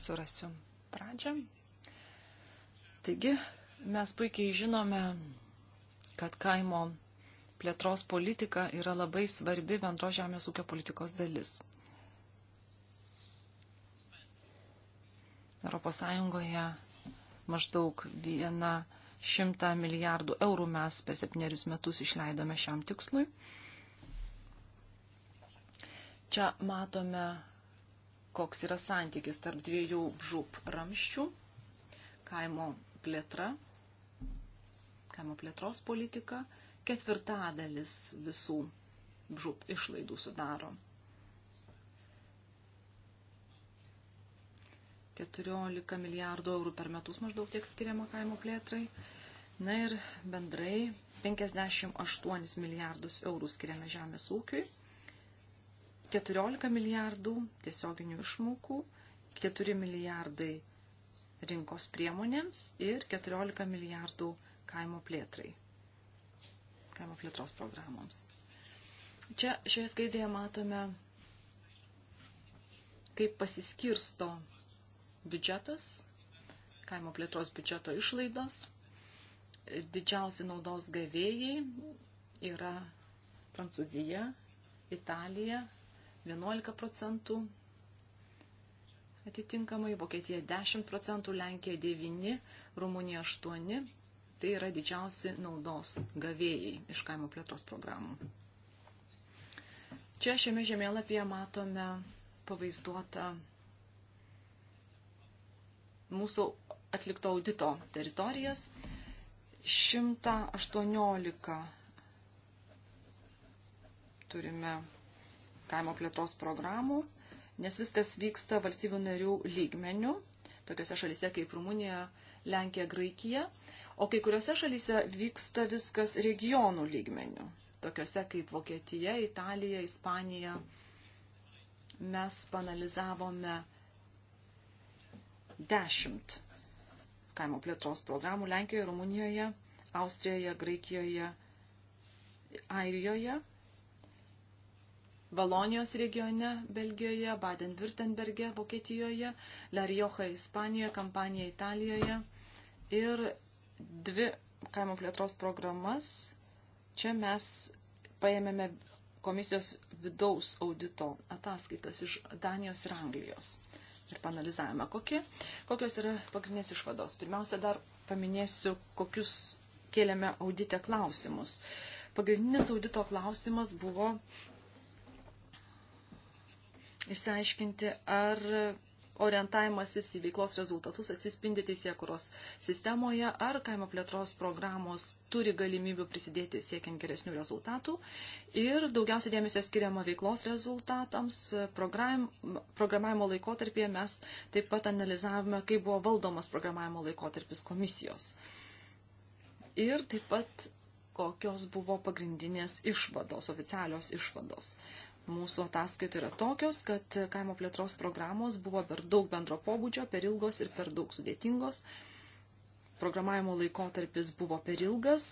Surasiu pradžią. Taigi, mes puikiai žinome kad kaimo plėtros politika yra labai svarbi bendro žemės ūkio politikos dalis. ES maždaug 100 milijardų eurų mes per septynerius metus išleidome šiam tikslui. Čia matome, koks yra santykis tarp dviejų žūp ramščių - kaimo plėtra kaimo plėtros politika ketvirtadalis visų žūp išlaidų sudaro. 14 milijardų eurų per metus maždaug tiek skiriama kaimo plėtrai. Na ir bendrai 58 milijardus eurų skiriame žemės ūkiui, 14 milijardų tiesioginių išmokų, 4 milijardai rinkos priemonėms ir 14 milijardų eurų kaimo plėtrai, kaimo plėtros programoms. Čia šioje skaidrėje matome, kaip pasiskirsto biudžetas, kaimo plėtros biudžeto išlaidos. Didžiausi naudos gavėjai yra Prancūzija, Italija 11 procentų, atitinkamai Vokietija 10 procentų, Lenkija 9, Rumunija 8, tai yra didžiausi naudos gavėjai iš kaimo plėtros programų. Čia šiame žemėlapyje matome pavaizduotą mūsų atlikto audito teritorijas. 118 turime kaimo plėtros programų, nes viskas vyksta valstybių narių lygmenių, tokiuose šalyse kaip Rumunija, Lenkija, Graikija – o kai kuriuose šalyse vyksta viskas regionų lygmenių. Tokiuose kaip Vokietija, Italija, Ispanija. Mes panalizavome dešimt kaimo plėtros programų Lenkijoje, Rumunijoje, Austrijoje, Graikijoje, Airijoje, Valonijos regione, Belgijoje, Baden-Württemberge, Vokietijoje, La Rioja, Ispanijoje, Kampanija, Italijoje ir dvi kaimo plėtros programas. Čia mes paėmėme komisijos vidaus audito ataskaitas iš Danijos ir Anglijos ir panalizavimą, kokie, kokios yra pagrindinės išvados. Pirmiausia, dar paminėsiu, kokius kėlėme audite klausimus. Pagrindinis audito klausimas buvo išsiaiškinti, ar orientavimasis į veiklos rezultatus atsispindi teisėkuros sistemoje, ar kaimo plėtros programos turi galimybių prisidėti siekiant geresnių rezultatų. Ir daugiausiai dėmesio skiriama veiklos rezultatams. Program, programavimo laikotarpėje mes taip pat analizavome, kaip buvo valdomas programavimo laikotarpis komisijos. Ir taip pat kokios buvo pagrindinės išvados, oficialios išvados mūsų ataskaitų yra tokios, kad kaimo plėtros programos buvo per daug bendro pobūdžio, per ilgos ir per daug sudėtingos. Programavimo laikotarpis buvo per ilgas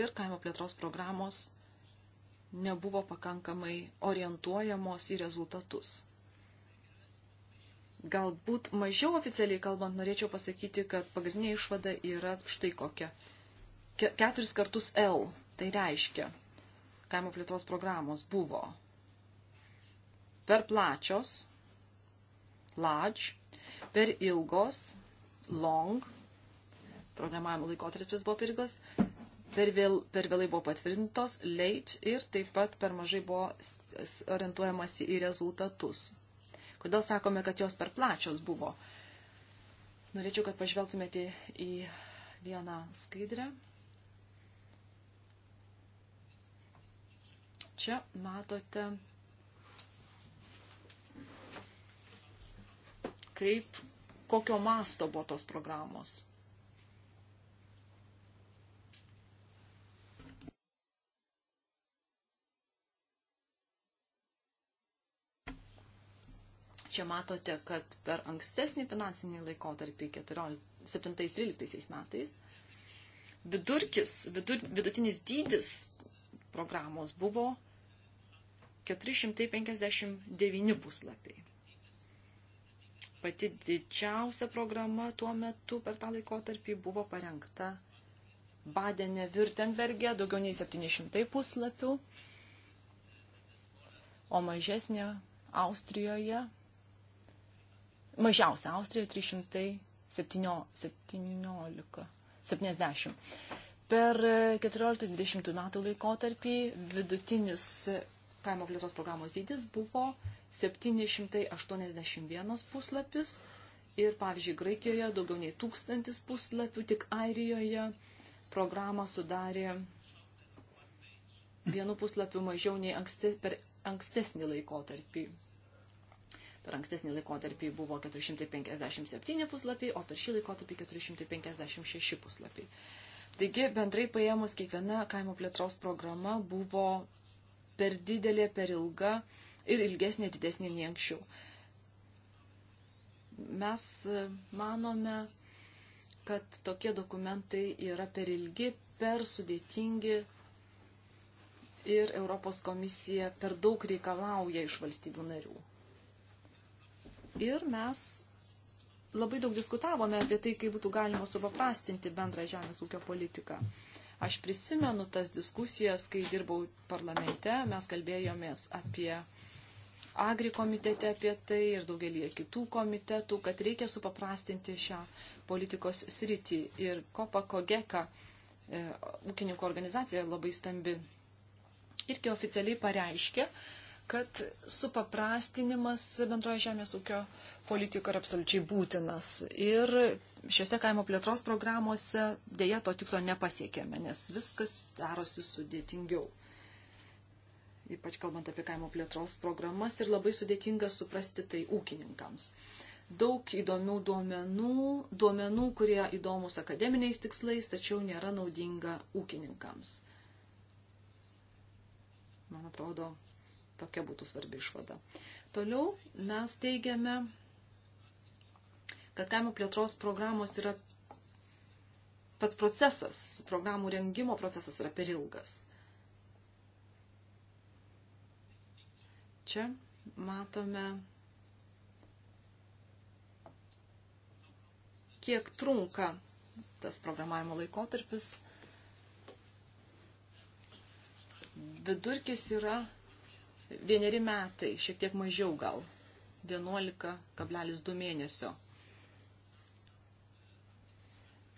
ir kaimo plėtros programos nebuvo pakankamai orientuojamos į rezultatus. Galbūt mažiau oficialiai kalbant, norėčiau pasakyti, kad pagrindinė išvada yra štai kokia. Keturis kartus L. Tai reiškia, kaimo plėtros programos buvo per plačios, large, per ilgos, long, programavimo laikotarpis buvo per ilgas, per, vėl, per vėlai buvo patvirtintos, late ir taip pat per mažai buvo orientuojamasi į rezultatus. Kodėl sakome, kad jos per plačios buvo? Norėčiau, kad pažvelgtumėte į vieną skaidrę. Čia matote, kaip, kokio masto buvo tos programos. Čia matote, kad per ankstesnį finansinį laikotarpį 17-13 metais vidurkis, vidur, vidutinis dydis programos buvo 459 puslapiai. Pati didžiausia programa tuo metu per tą laikotarpį buvo parengta Badene Virtenberge, daugiau nei 700 puslapių, o mažesnė Austrijoje, mažiausia Austrijoje 317, 70. Per 14-20 metų laikotarpį vidutinis kaimo plėtros programos dydis buvo 781 puslapis ir, pavyzdžiui, Graikijoje daugiau nei tūkstantis puslapių, tik Airijoje programą sudarė vienu puslapiu mažiau nei anksti, per ankstesnį laikotarpį. Per ankstesnį laikotarpį buvo 457 puslapiai, o per šį laikotarpį 456 puslapiai. Taigi, bendrai paėmus, kiekviena kaimo plėtros programa buvo per didelė, per ilga ir ilgesnė didesnė nei anksčiau. Mes e, manome, kad tokie dokumentai yra per ilgi, per sudėtingi ir Europos komisija per daug reikalauja iš valstybių narių. Ir mes labai daug diskutavome apie tai, kaip būtų galima supaprastinti bendrą žemės ūkio politiką. Aš prisimenu tas diskusijas, kai dirbau parlamente, mes kalbėjomės apie agri komitete apie tai ir daugelį kitų komitetų, kad reikia supaprastinti šią politikos sritį. Ir Kopa Kogeka, e, ūkininko organizacija labai stambi, irgi oficialiai pareiškė, kad supaprastinimas bendroje žemės ūkio politikoje yra absoliučiai būtinas. Ir šiuose kaimo plėtros programuose dėja to tikslo nepasiekėme, nes viskas darosi sudėtingiau. Ypač kalbant apie kaimo plėtros programas ir labai sudėtinga suprasti tai ūkininkams daug įdomių duomenų, duomenų, kurie įdomus akademiniais tikslais, tačiau nėra naudinga ūkininkams. Man atrodo, Tokia būtų svarbi išvada. Toliau mes teigiame, kad kaimo plėtros programos yra pats procesas, programų rengimo procesas yra per ilgas. Čia matome, kiek trunka tas programavimo laikotarpis. Vidurkis yra vieneri metai, šiek tiek mažiau gal, 11,2 mėnesio.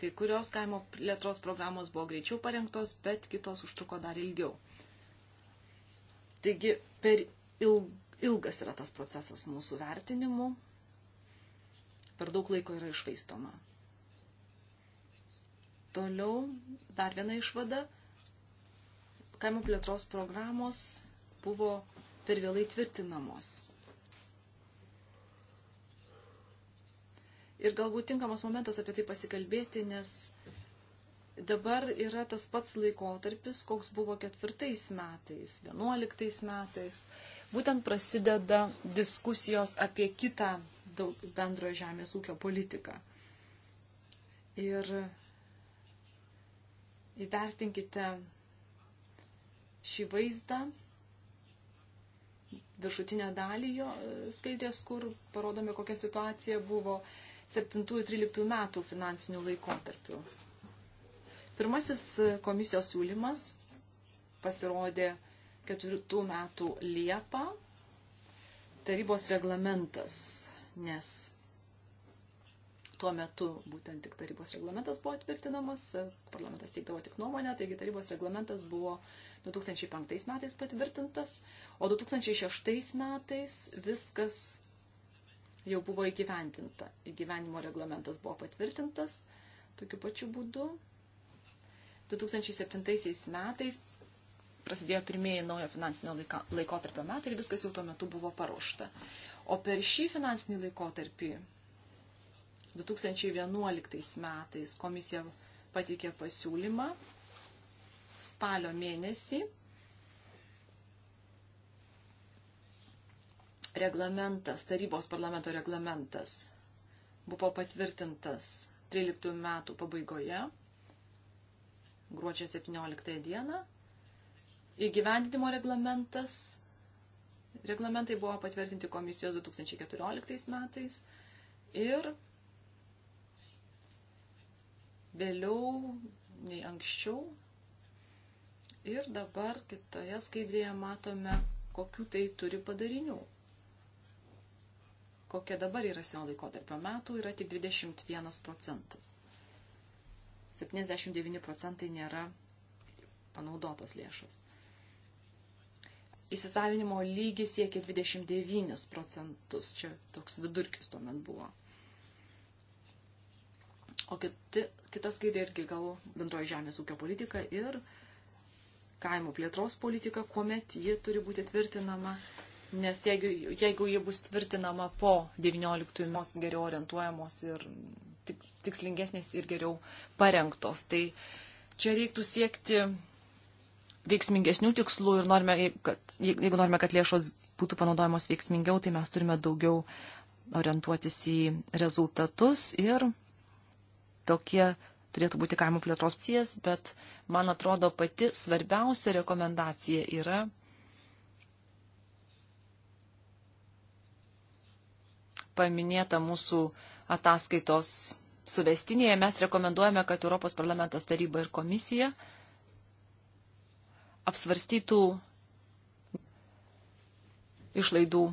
Kai kurios kaimo plėtros programos buvo greičiau parengtos, bet kitos užtruko dar ilgiau. Taigi per ilgas yra tas procesas mūsų vertinimu, per daug laiko yra išvaistoma. Toliau dar viena išvada. Kaimo plėtros programos buvo per vėlai tvirtinamos. Ir galbūt tinkamas momentas apie tai pasikalbėti, nes dabar yra tas pats laikotarpis, koks buvo ketvirtais metais, vienuoliktais metais. Būtent prasideda diskusijos apie kitą bendrojo žemės ūkio politiką. Ir įvertinkite šį vaizdą viršutinę dalį jo e, skaidrės, kur parodome, kokia situacija buvo 7-13 metų finansinių laikotarpių. Pirmasis e, komisijos siūlymas pasirodė 4 metų Liepą tarybos reglamentas, nes tuo metu būtent tik tarybos reglamentas buvo atvirtinamas, e, parlamentas teikdavo tik nuomonę, taigi tarybos reglamentas buvo uh, 2005 metais patvirtintas, o 2006 metais viskas jau buvo įgyvendinta. Įgyvenimo reglamentas buvo patvirtintas tokiu pačiu būdu. 2007 metais prasidėjo pirmieji naujo finansinio laiko, laikotarpio metai ir viskas jau tuo metu buvo paruošta. O per šį finansinį laikotarpį 2011 metais komisija pateikė pasiūlymą spalio mėnesį. Reglamentas, tarybos parlamento reglamentas buvo patvirtintas 13 metų pabaigoje, gruodžio 17 dieną. Įgyvendinimo reglamentas, reglamentai buvo patvirtinti komisijos 2014 metais ir vėliau nei anksčiau Ir dabar kitoje skaidrėje matome, kokiu tai turi padarinių. Kokia dabar yra seno laikotarpio metų, yra tik 21 procentas. 79 procentai nėra panaudotos lėšos. Įsisavinimo lygis siekia 29 procentus, čia toks vidurkis tuomet buvo. O kiti, kita skaidrė irgi gal bendroji žemės ūkio politika ir uh, kaimo plėtros politika, kuomet ji turi būti tvirtinama, nes jeigu, jeigu ji bus tvirtinama po 19 mes geriau orientuojamos ir tik, tikslingesnės ir geriau parengtos. Tai čia reiktų siekti veiksmingesnių tikslų ir norime, kad, jeigu norime, kad lėšos būtų panaudojamos veiksmingiau, tai mes turime daugiau orientuotis į rezultatus ir tokie turėtų būti kaimo plėtros cijas, bet man atrodo pati svarbiausia rekomendacija yra paminėta mūsų ataskaitos suvestinėje. Mes rekomenduojame, kad Europos parlamentas taryba ir komisija apsvarstytų išlaidų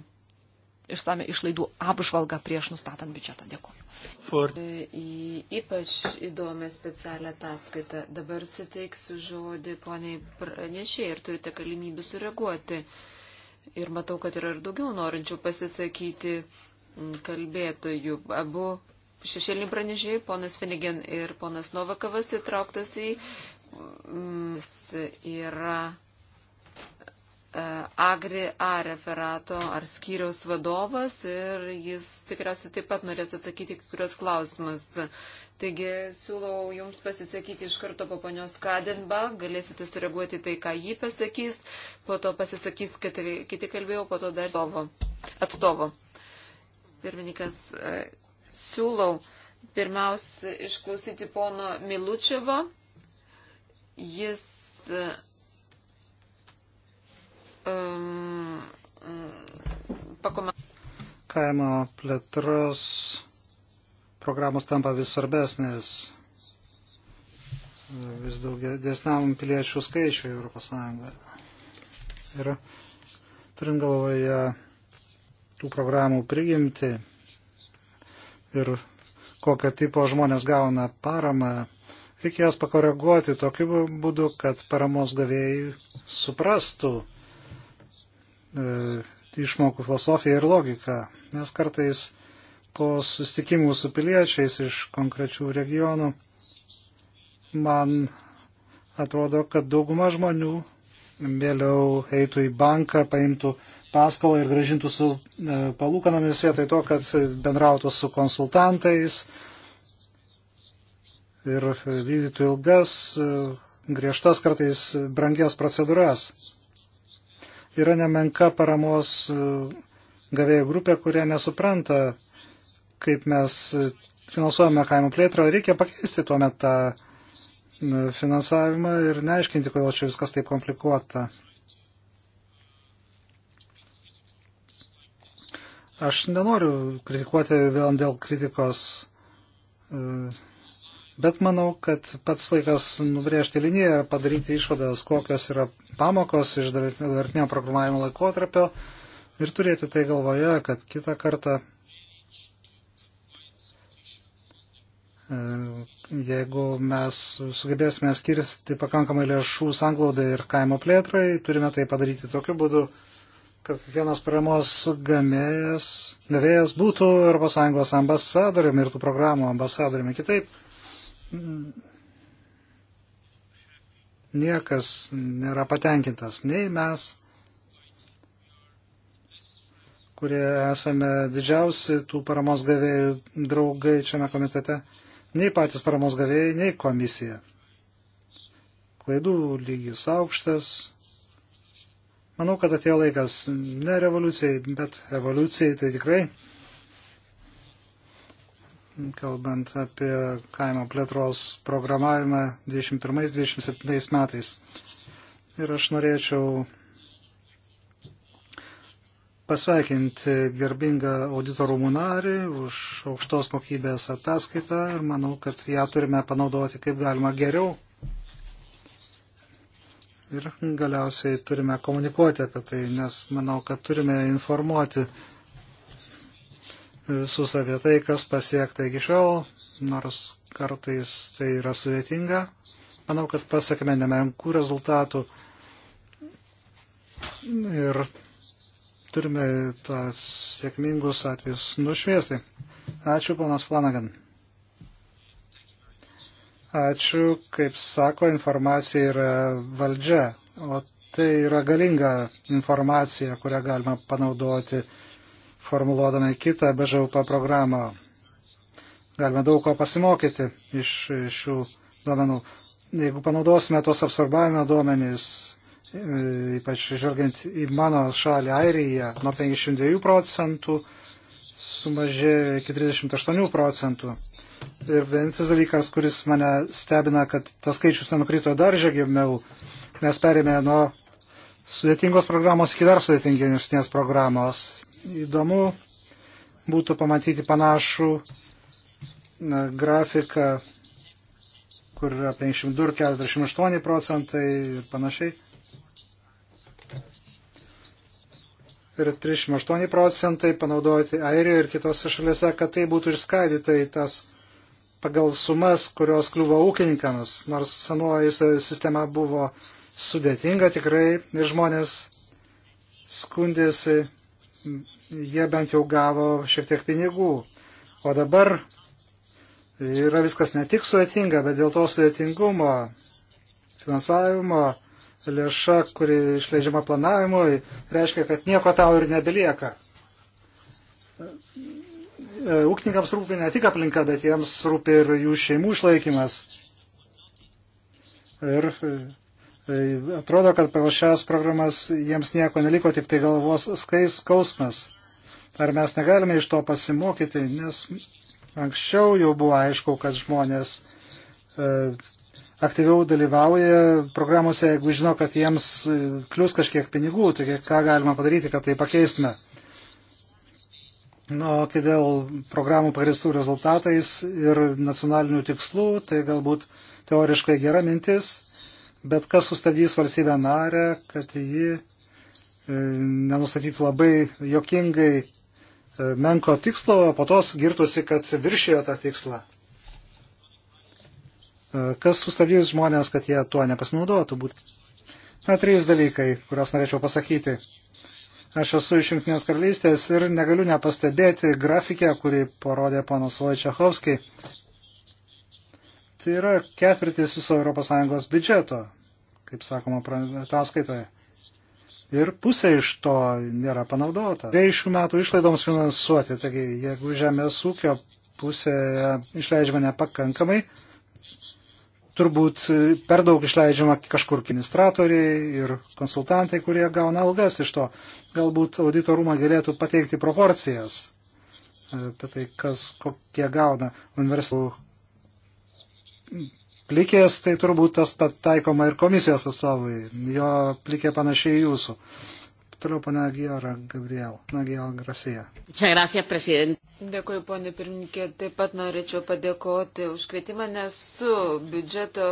išsame išlaidų apžvalgą prieš nustatant biudžetą. Dėkuoju. For... E, į ypač įdomią specialią ataskaitą. Dabar suteiksiu žodį poniai pranešėjai ir turite galimybę sureaguoti. Ir matau, kad yra ir daugiau norinčių pasisakyti kalbėtojų. Abu šešėliniai pranešėjai, ponas Finigen ir ponas Novakavas įtrauktas į. Yra E, Agri A referato ar skyriaus vadovas ir jis tikriausiai taip pat norės atsakyti kurios klausimus. Taigi siūlau Jums pasisakyti iš karto po ponios Kadenba, galėsite sureaguoti tai, ką jį pasakys, po to pasisakys kiti, kiti kalbėjau, po to dar atstovo. atstovo. Pirmininkas, e, siūlau pirmiausia išklausyti pono Milučevo. Jis e, um, pakomentuoti. Kaimo plėtros programos tampa vis svarbesnės vis daugiau desniam piliečių skaičiui Europos Sąjungoje. Ir turim galvoje tų programų prigimti ir kokio tipo žmonės gauna paramą, reikės pakoreguoti tokiu būdu, kad paramos gavėjai suprastų, e, išmokų filosofiją ir logiką, nes kartais po sustikimų su piliečiais iš konkrečių regionų man atrodo, kad dauguma žmonių vėliau eitų į banką, paimtų paskolą ir gražintų su e, palūkanomis vietoj to, kad bendrautų su konsultantais ir vykdytų ilgas, e, griežtas kartais brangias procedūras yra nemenka paramos e, gavėjų grupė, kurie nesupranta, kaip mes e, finansuojame kaimų plėtrą. Reikia pakeisti tuo metu tą e, finansavimą ir neaiškinti, kodėl čia viskas taip komplikuota. Aš nenoriu kritikuoti vėl dėl kritikos Bet manau, kad pats laikas nubrėžti liniją, padaryti išvadas, kokios yra pamokos iš dabartinio programavimo laikotarpio ir turėti tai galvoje, kad kitą kartą, e, jeigu mes sugebėsime skirsti pakankamai lėšų sanglaudai ir kaimo plėtrai, turime tai padaryti tokiu būdu, kad kiekvienas paramos gamėjas, gavėjas būtų ES ambasadoriumi ir tų programų ambasadoriumi kitaip Mm. niekas nėra patenkintas, nei mes, kurie esame didžiausi tų paramos gavėjų draugai šiame komitete, nei patys paramos gavėjai, nei komisija. Klaidų lygis aukštas. Manau, kad atėjo laikas ne revoliucijai, bet evoliucijai tai tikrai kalbant apie kaimo plėtros programavimą 21-27 metais. Ir aš norėčiau pasveikinti gerbingą auditorumų narį už aukštos kokybės ataskaitą ir manau, kad ją turime panaudoti kaip galima geriau. Ir galiausiai turime komunikuoti apie tai, nes manau, kad turime informuoti uh, visus apie tai, kas pasiekta iki šiol, nors kartais tai yra sudėtinga. Manau, kad pasiekime nemenkų rezultatų ir turime tas sėkmingus atvejus nušviesti. Ačiū, ponas Flanagan. Ačiū, kaip sako, informacija yra valdžia, o tai yra galinga informacija, kurią galima panaudoti formuluodami kitą BŽUP programą. Galime daug ko pasimokyti iš šių duomenų. Jeigu panaudosime tos apsorbavimo duomenys, e, ypač žvelgiant į mano šalį Airiją, nuo 52 procentų sumažėjo iki 38 procentų. Ir vienintelis dalykas, kuris mane stebina, kad tas skaičius nenukrito dar žegimiau, nes perėmė nuo sudėtingos programos iki dar sudėtingesnės programos įdomu būtų pamatyti panašų grafiką, kur yra 52, 48 procentai ir panašiai. Ir 38 procentai panaudoti Airijoje ir kitose šalise, kad tai būtų išskaidyta į tas pagal sumas, kurios kliuvo ūkininkams, nors senuoji sistema buvo sudėtinga tikrai ir žmonės skundėsi jie bent jau gavo šiek tiek pinigų. O dabar yra viskas ne tik sudėtinga, bet dėl to sudėtingumo, finansavimo, lėša, kuri išleidžiama planavimui, reiškia, kad nieko tau ir nebelieka. E, ūkininkams rūpi ne tik aplinka, bet jiems rūpi ir jų šeimų išlaikymas. Ir Tai atrodo, kad pagal šias programas jiems nieko neliko, tik tai galvos skais, skausmas. Ar mes negalime iš to pasimokyti, nes anksčiau jau buvo aišku, kad žmonės e, aktyviau dalyvauja programuose, jeigu žino, kad jiems e, klius kažkiek pinigų, taigi ką galima padaryti, kad tai pakeistume. Na, o kai dėl programų pagristų rezultatais ir nacionalinių tikslų, tai galbūt teoriškai gera mintis, bet kas sustabdys valstybę narę, kad ji e, nenustatytų labai jokingai e, menko tikslo, o po tos girtusi, kad viršėjo tą tikslą. E, kas sustabdys žmonės, kad jie tuo nepasinaudotų būtent? Na, trys dalykai, kuriuos norėčiau pasakyti. Aš esu iš Junktinės karalystės ir negaliu nepastebėti grafikę, kurį parodė panas Vojčiachovski, Tai yra ketvirtis viso ES biudžeto, kaip sakoma, ataskaitoje. Ir pusė iš to nėra panaudota. Tai šių metų išlaidoms finansuoti, taigi jeigu žemės ūkio pusė išleidžiama nepakankamai, turbūt per daug išleidžiama kažkur administratoriai ir konsultantai, kurie gauna algas iš to. Galbūt auditorumą galėtų pateikti proporcijas e, apie tai, kas kokie gauna universitetų plikės, tai turbūt tas pat taikoma ir komisijos atstovui. Jo plikė panašiai jūsų. Toliau pana Giora Gabriel, Nagiel Grasija. Čia grafija, prezident. Dėkuoju, ponė pirmininkė. Taip pat norėčiau padėkoti už kvietimą, nesu biudžeto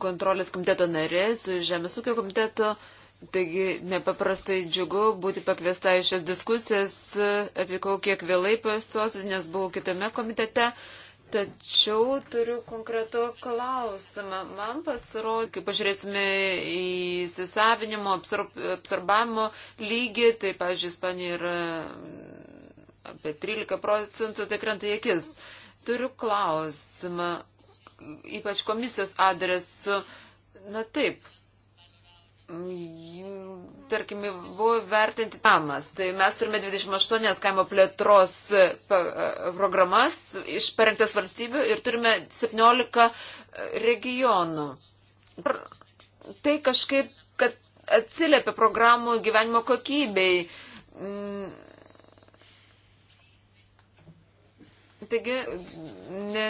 kontrolės komiteto narės, su Žemės ūkio komiteto. Taigi nepaprastai džiugu būti pakviesta į šias diskusijas. Atvykau kiek vėlai pas jos, nes buvau kitame komitete. Uh, Tačiau turiu konkretų klausimą. Man pasirodė, kai pažiūrėsime į įsisavinimo, absorbavimo lygį, tai, pažiūrėjau, Ispanija yra mm, apie 13 procentų, tai krenta į akis. Turiu klausimą, ypač komisijos adresu. Na taip, tarkim, buvo vertinti tamas. Tai mes turime 28 kaimo plėtros e, e, programas iš parengtas valstybių ir turime 17 e, regionų. Ir tai kažkaip, kad atsiliepia programų gyvenimo kokybei. Mm. Taigi, ne,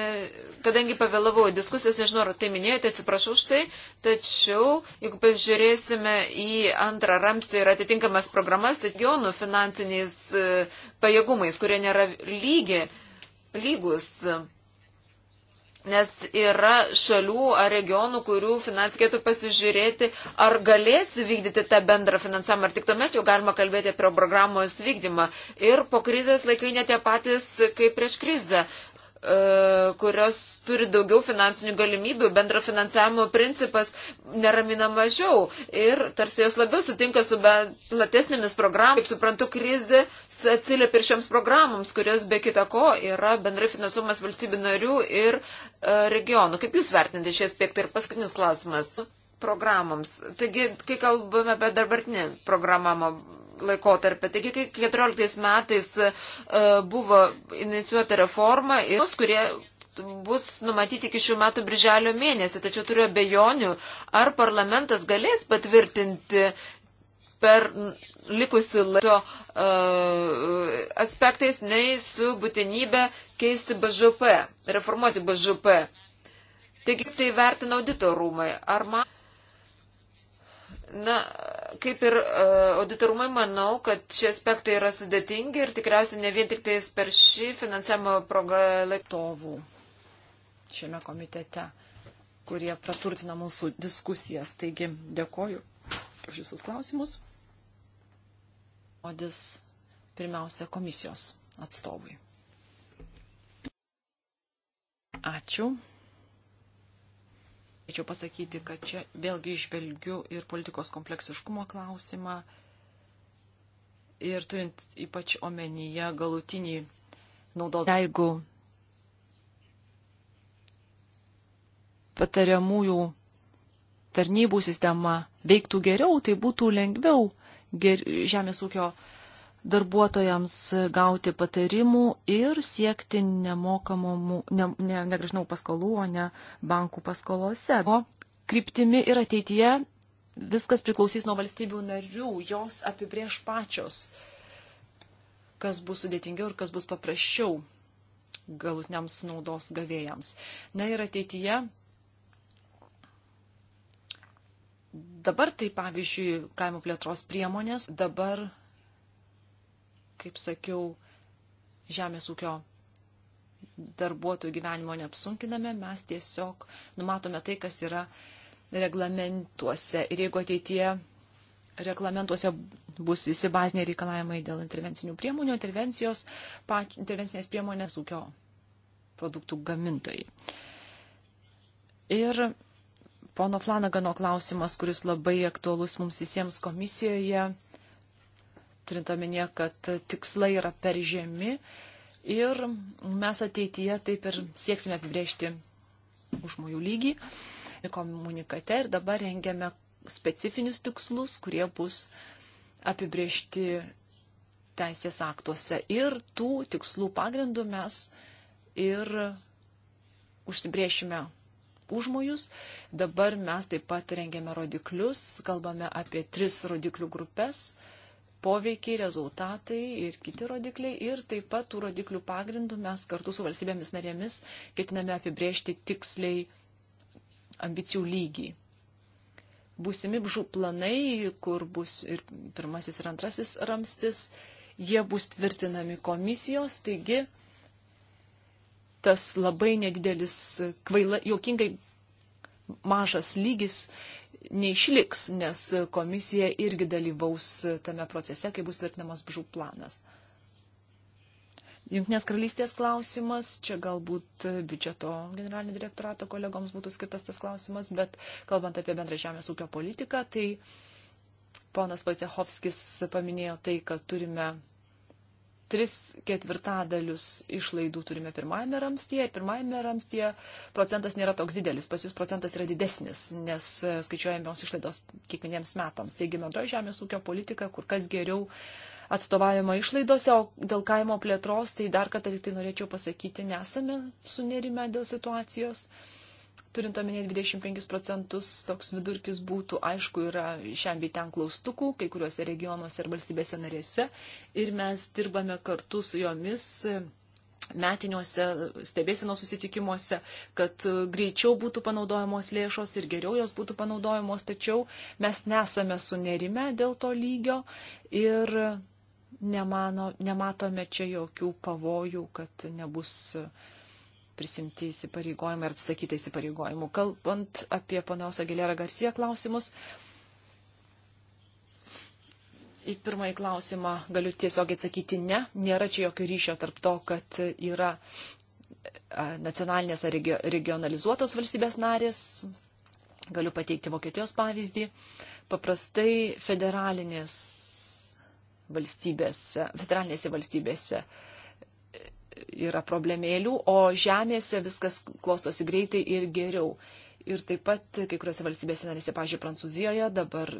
kadangi pavėlavau diskusijas, nežinau, ar tai minėjote, atsiprašau už tai, tačiau jeigu pažiūrėsime į antrą ramstį ir atitinkamas programas, tai regionų finansiniais e, pajėgumais, kurie nėra lygi, lygus. Nes yra šalių ar regionų, kurių finanskėtų pasižiūrėti, ar galės vykdyti tą bendrą finansavimą, ar tik tuomet jau galima kalbėti apie programos vykdymą. Ir po krizės laikai netie patys kaip prieš krizę. E, kurios turi daugiau finansinių galimybių, bendro finansavimo principas neramina mažiau ir tarsi jos labiau sutinka su platesnėmis programomis. Kaip suprantu, krizė atsiliepia ir šioms programoms, kurios be kita ko yra bendrai finansuomas valstybių narių ir e, regionų. Kaip Jūs vertinate šį aspektą ir paskutinis klausimas programoms? Taigi, kai kalbame apie dabartinį programavimo laikotarpį. Taigi, kai 14 metais e, buvo inicijuota reforma ir tos, kurie bus numatyti iki šių metų birželio mėnesį, tačiau turiu abejonių, ar parlamentas galės patvirtinti per likusi laiko uh, aspektais, nei su būtinybė keisti BŽP, reformuoti BŽP. Taigi tai vertina audito rūmai. Ar man Na, kaip ir e, auditorumai, manau, kad šie aspektai yra sudėtingi ir tikriausiai ne vien tik tais per šį finansavimo progalektovų šiame komitete, kurie praturtina mūsų diskusijas. Taigi, dėkoju už visus klausimus. Odis pirmiausia komisijos atstovui. Ačiū. Tačiau pasakyti, kad čia vėlgi išvelgiu ir politikos kompleksiškumo klausimą. Ir turint ypač omenyje galutinį naudos. Jeigu patariamųjų tarnybų sistema veiktų geriau, tai būtų lengviau ger... žemės ūkio darbuotojams gauti patarimų ir siekti nemokamų, ne, ne, negražinau paskolų, o ne bankų paskolose. O kryptimi ir ateityje viskas priklausys nuo valstybių narių, jos apibrieš pačios, kas bus sudėtingiau ir kas bus paprasčiau galutiniams naudos gavėjams. Na ir ateityje dabar tai pavyzdžiui kaimo plėtros priemonės, dabar kaip sakiau, žemės ūkio darbuotojų gyvenimo neapsunkiname, mes tiesiog numatome tai, kas yra reglamentuose. Ir jeigu ateitie reglamentuose bus visi baziniai reikalavimai dėl intervencinių priemonių, intervencijos, pač, intervencinės priemonės ūkio produktų gamintojai. Ir pono Flanagano klausimas, kuris labai aktuolus mums visiems komisijoje turint omenyje, kad tikslai yra per žemi ir mes ateityje taip ir sieksime apibriežti užmojų lygį komunikate ir dabar rengiame specifinius tikslus, kurie bus apibriežti teisės aktuose. Ir tų tikslų pagrindų mes ir užsibriešime užmojus. Dabar mes taip pat rengiame rodiklius, kalbame apie tris rodiklių grupės poveikiai, rezultatai ir kiti rodikliai. Ir taip pat tų rodiklių pagrindų mes kartu su valstybėmis narėmis ketiname apibriežti tiksliai ambicijų lygį. Būsimi bžų planai, kur bus ir pirmasis ir antrasis ramstis, jie bus tvirtinami komisijos, taigi tas labai nedidelis, kvaila, jokingai mažas lygis neišliks, nes komisija irgi dalyvaus tame procese, kai bus tvirtinamas bžų planas. Junktinės karalystės klausimas, čia galbūt biudžeto generalinio direktorato kolegoms būtų skirtas tas klausimas, bet kalbant apie bendrą žemės ūkio politiką, tai ponas Vojtehovskis paminėjo tai, kad turime tris ketvirtadalius išlaidų turime pirmajame ramstyje ir pirmajame ramstyje procentas nėra toks didelis, pas jūs procentas yra didesnis, nes e, skaičiuojamos išlaidos kiekvieniems metams. Taigi bendroji žemės ūkio politika kur kas geriau atstovavimą išlaidose, o dėl kaimo plėtros, tai dar kartą tik tai norėčiau pasakyti, nesame sunerime dėl situacijos. Uh, turint omenyje 25 procentus, toks vidurkis būtų, aišku, yra šiam bei ten klaustukų, kai kuriuose regionuose ir valstybėse narėse. Ir mes dirbame kartu su jomis e, metiniuose stebėsino susitikimuose, kad e, greičiau būtų panaudojamos lėšos ir geriau jos būtų panaudojamos, tačiau mes nesame sunerime dėl to lygio ir nemano, nematome čia jokių pavojų, kad nebus uh, prisimti įsipareigojimai ir atsisakyti įsipareigojimų. Kalbant apie ponios Agilera Garcia klausimus, į pirmąjį klausimą galiu tiesiog atsakyti ne, nėra čia jokio ryšio tarp to, kad yra nacionalinės ar regionalizuotos valstybės narės. Galiu pateikti Vokietijos pavyzdį. Paprastai federalinės valstybėse, federalinėse valstybėse uh, yra problemėlių, o žemėse viskas klostosi greitai ir geriau. Ir taip pat kai kuriuose valstybėse narėse, pažiūrėjau, Prancūzijoje dabar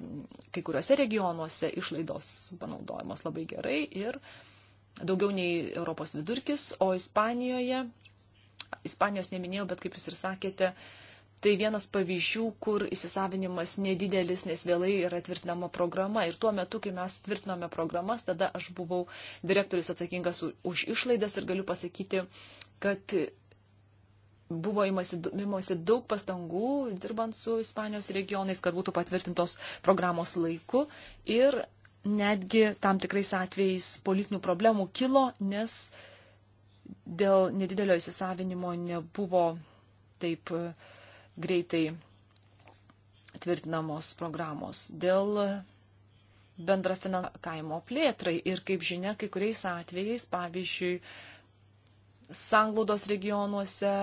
kai kuriuose regionuose išlaidos panaudojamos labai gerai ir daugiau nei Europos vidurkis, o Ispanijoje, Ispanijos neminėjau, bet kaip jūs ir sakėte, uh, Tai vienas pavyzdžių, kur įsisavinimas nedidelis, nes vėlai yra tvirtinama programa. Ir tuo metu, kai mes tvirtinome programas, tada aš buvau direktorius atsakingas už išlaidas ir galiu pasakyti, kad buvo imasi, imasi daug pastangų dirbant su Ispanijos regionais, kad būtų patvirtintos programos laiku. Ir netgi tam tikrais atvejais politinių problemų kilo, nes dėl nedidelio įsisavinimo nebuvo taip uh, greitai tvirtinamos programos dėl bendra finansavimo plėtrai ir, kaip žinia, kai kuriais atvejais, pavyzdžiui, sanglaudos regionuose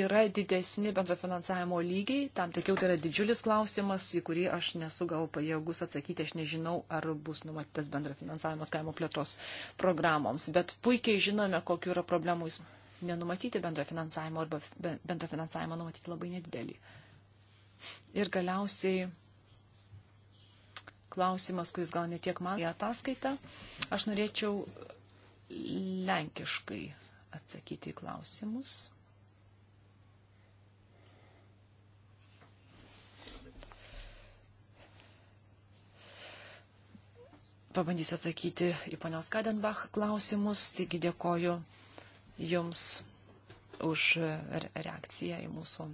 yra didesni bendrafinansavimo lygiai, tam tikiau tai yra didžiulis klausimas, į kurį aš nesu gal pajėgus atsakyti, aš nežinau, ar bus numatytas bendrafinansavimas kaimo plėtros programoms, bet puikiai žinome, kokiu yra problemus nenumatyti bendro finansavimo arba bendro finansavimo numatyti labai nedidelį. Ir galiausiai klausimas, kuris gal netiek man į ataskaitą, aš norėčiau lenkiškai atsakyti į klausimus. Pabandysiu atsakyti į ponios Kadenbach klausimus, taigi dėkoju Jums už reakciją į mūsų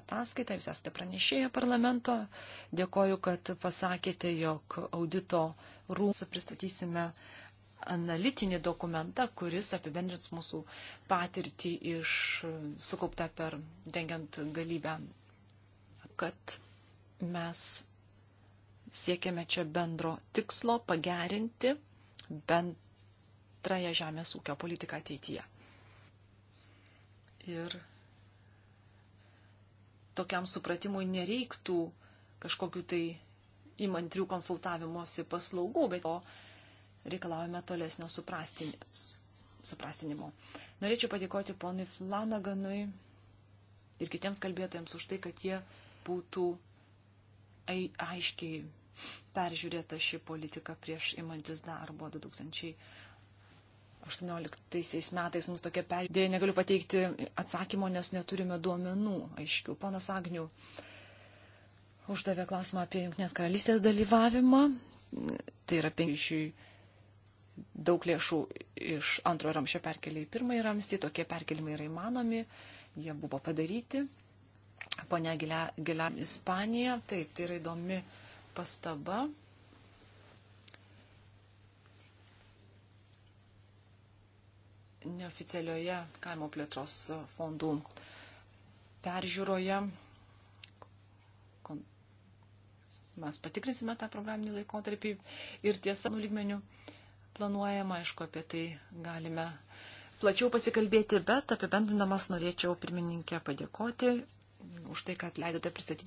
ataskaitą. Jūs esate pranešėję parlamento. Dėkoju, kad pasakėte, jog audito rūmus pristatysime analitinį dokumentą, kuris apibendrins mūsų patirtį iš sukauptą per dengiant galybę, kad mes siekiame čia bendro tikslo pagerinti bendrąją žemės ūkio politiką ateityje. Ir tokiam supratimui nereiktų kažkokiu tai įmantrių konsultavimuose paslaugų, bet to reikalavome tolesnio suprastinimo. Norėčiau padėkoti ponui Flanaganui ir kitiems kalbėtojams už tai, kad jie būtų aiškiai peržiūrėta ši politika prieš imantis darbo 2008 18 metais mums tokia peržiūrė. Negaliu pateikti atsakymo, nes neturime duomenų aiškių. Ponas Agnių uždavė klausimą apie Junktinės karalystės dalyvavimą. Tai yra penkišiui daug lėšų iš antro ramščio perkelia į pirmąjį ramstį. Tokie perkelimai yra įmanomi. Jie buvo padaryti. Pone Gilia, Gilia Ispanija. Taip, tai yra įdomi pastaba. neoficialioje kaimo plėtros fondų peržiūroje. Mes patikrinsime tą programinį laikotarpį ir tiesa, nulygmenių planuojama, aišku, apie tai galime plačiau pasikalbėti, bet apibendrinamas norėčiau pirmininkę padėkoti už tai, kad leidote pristatyti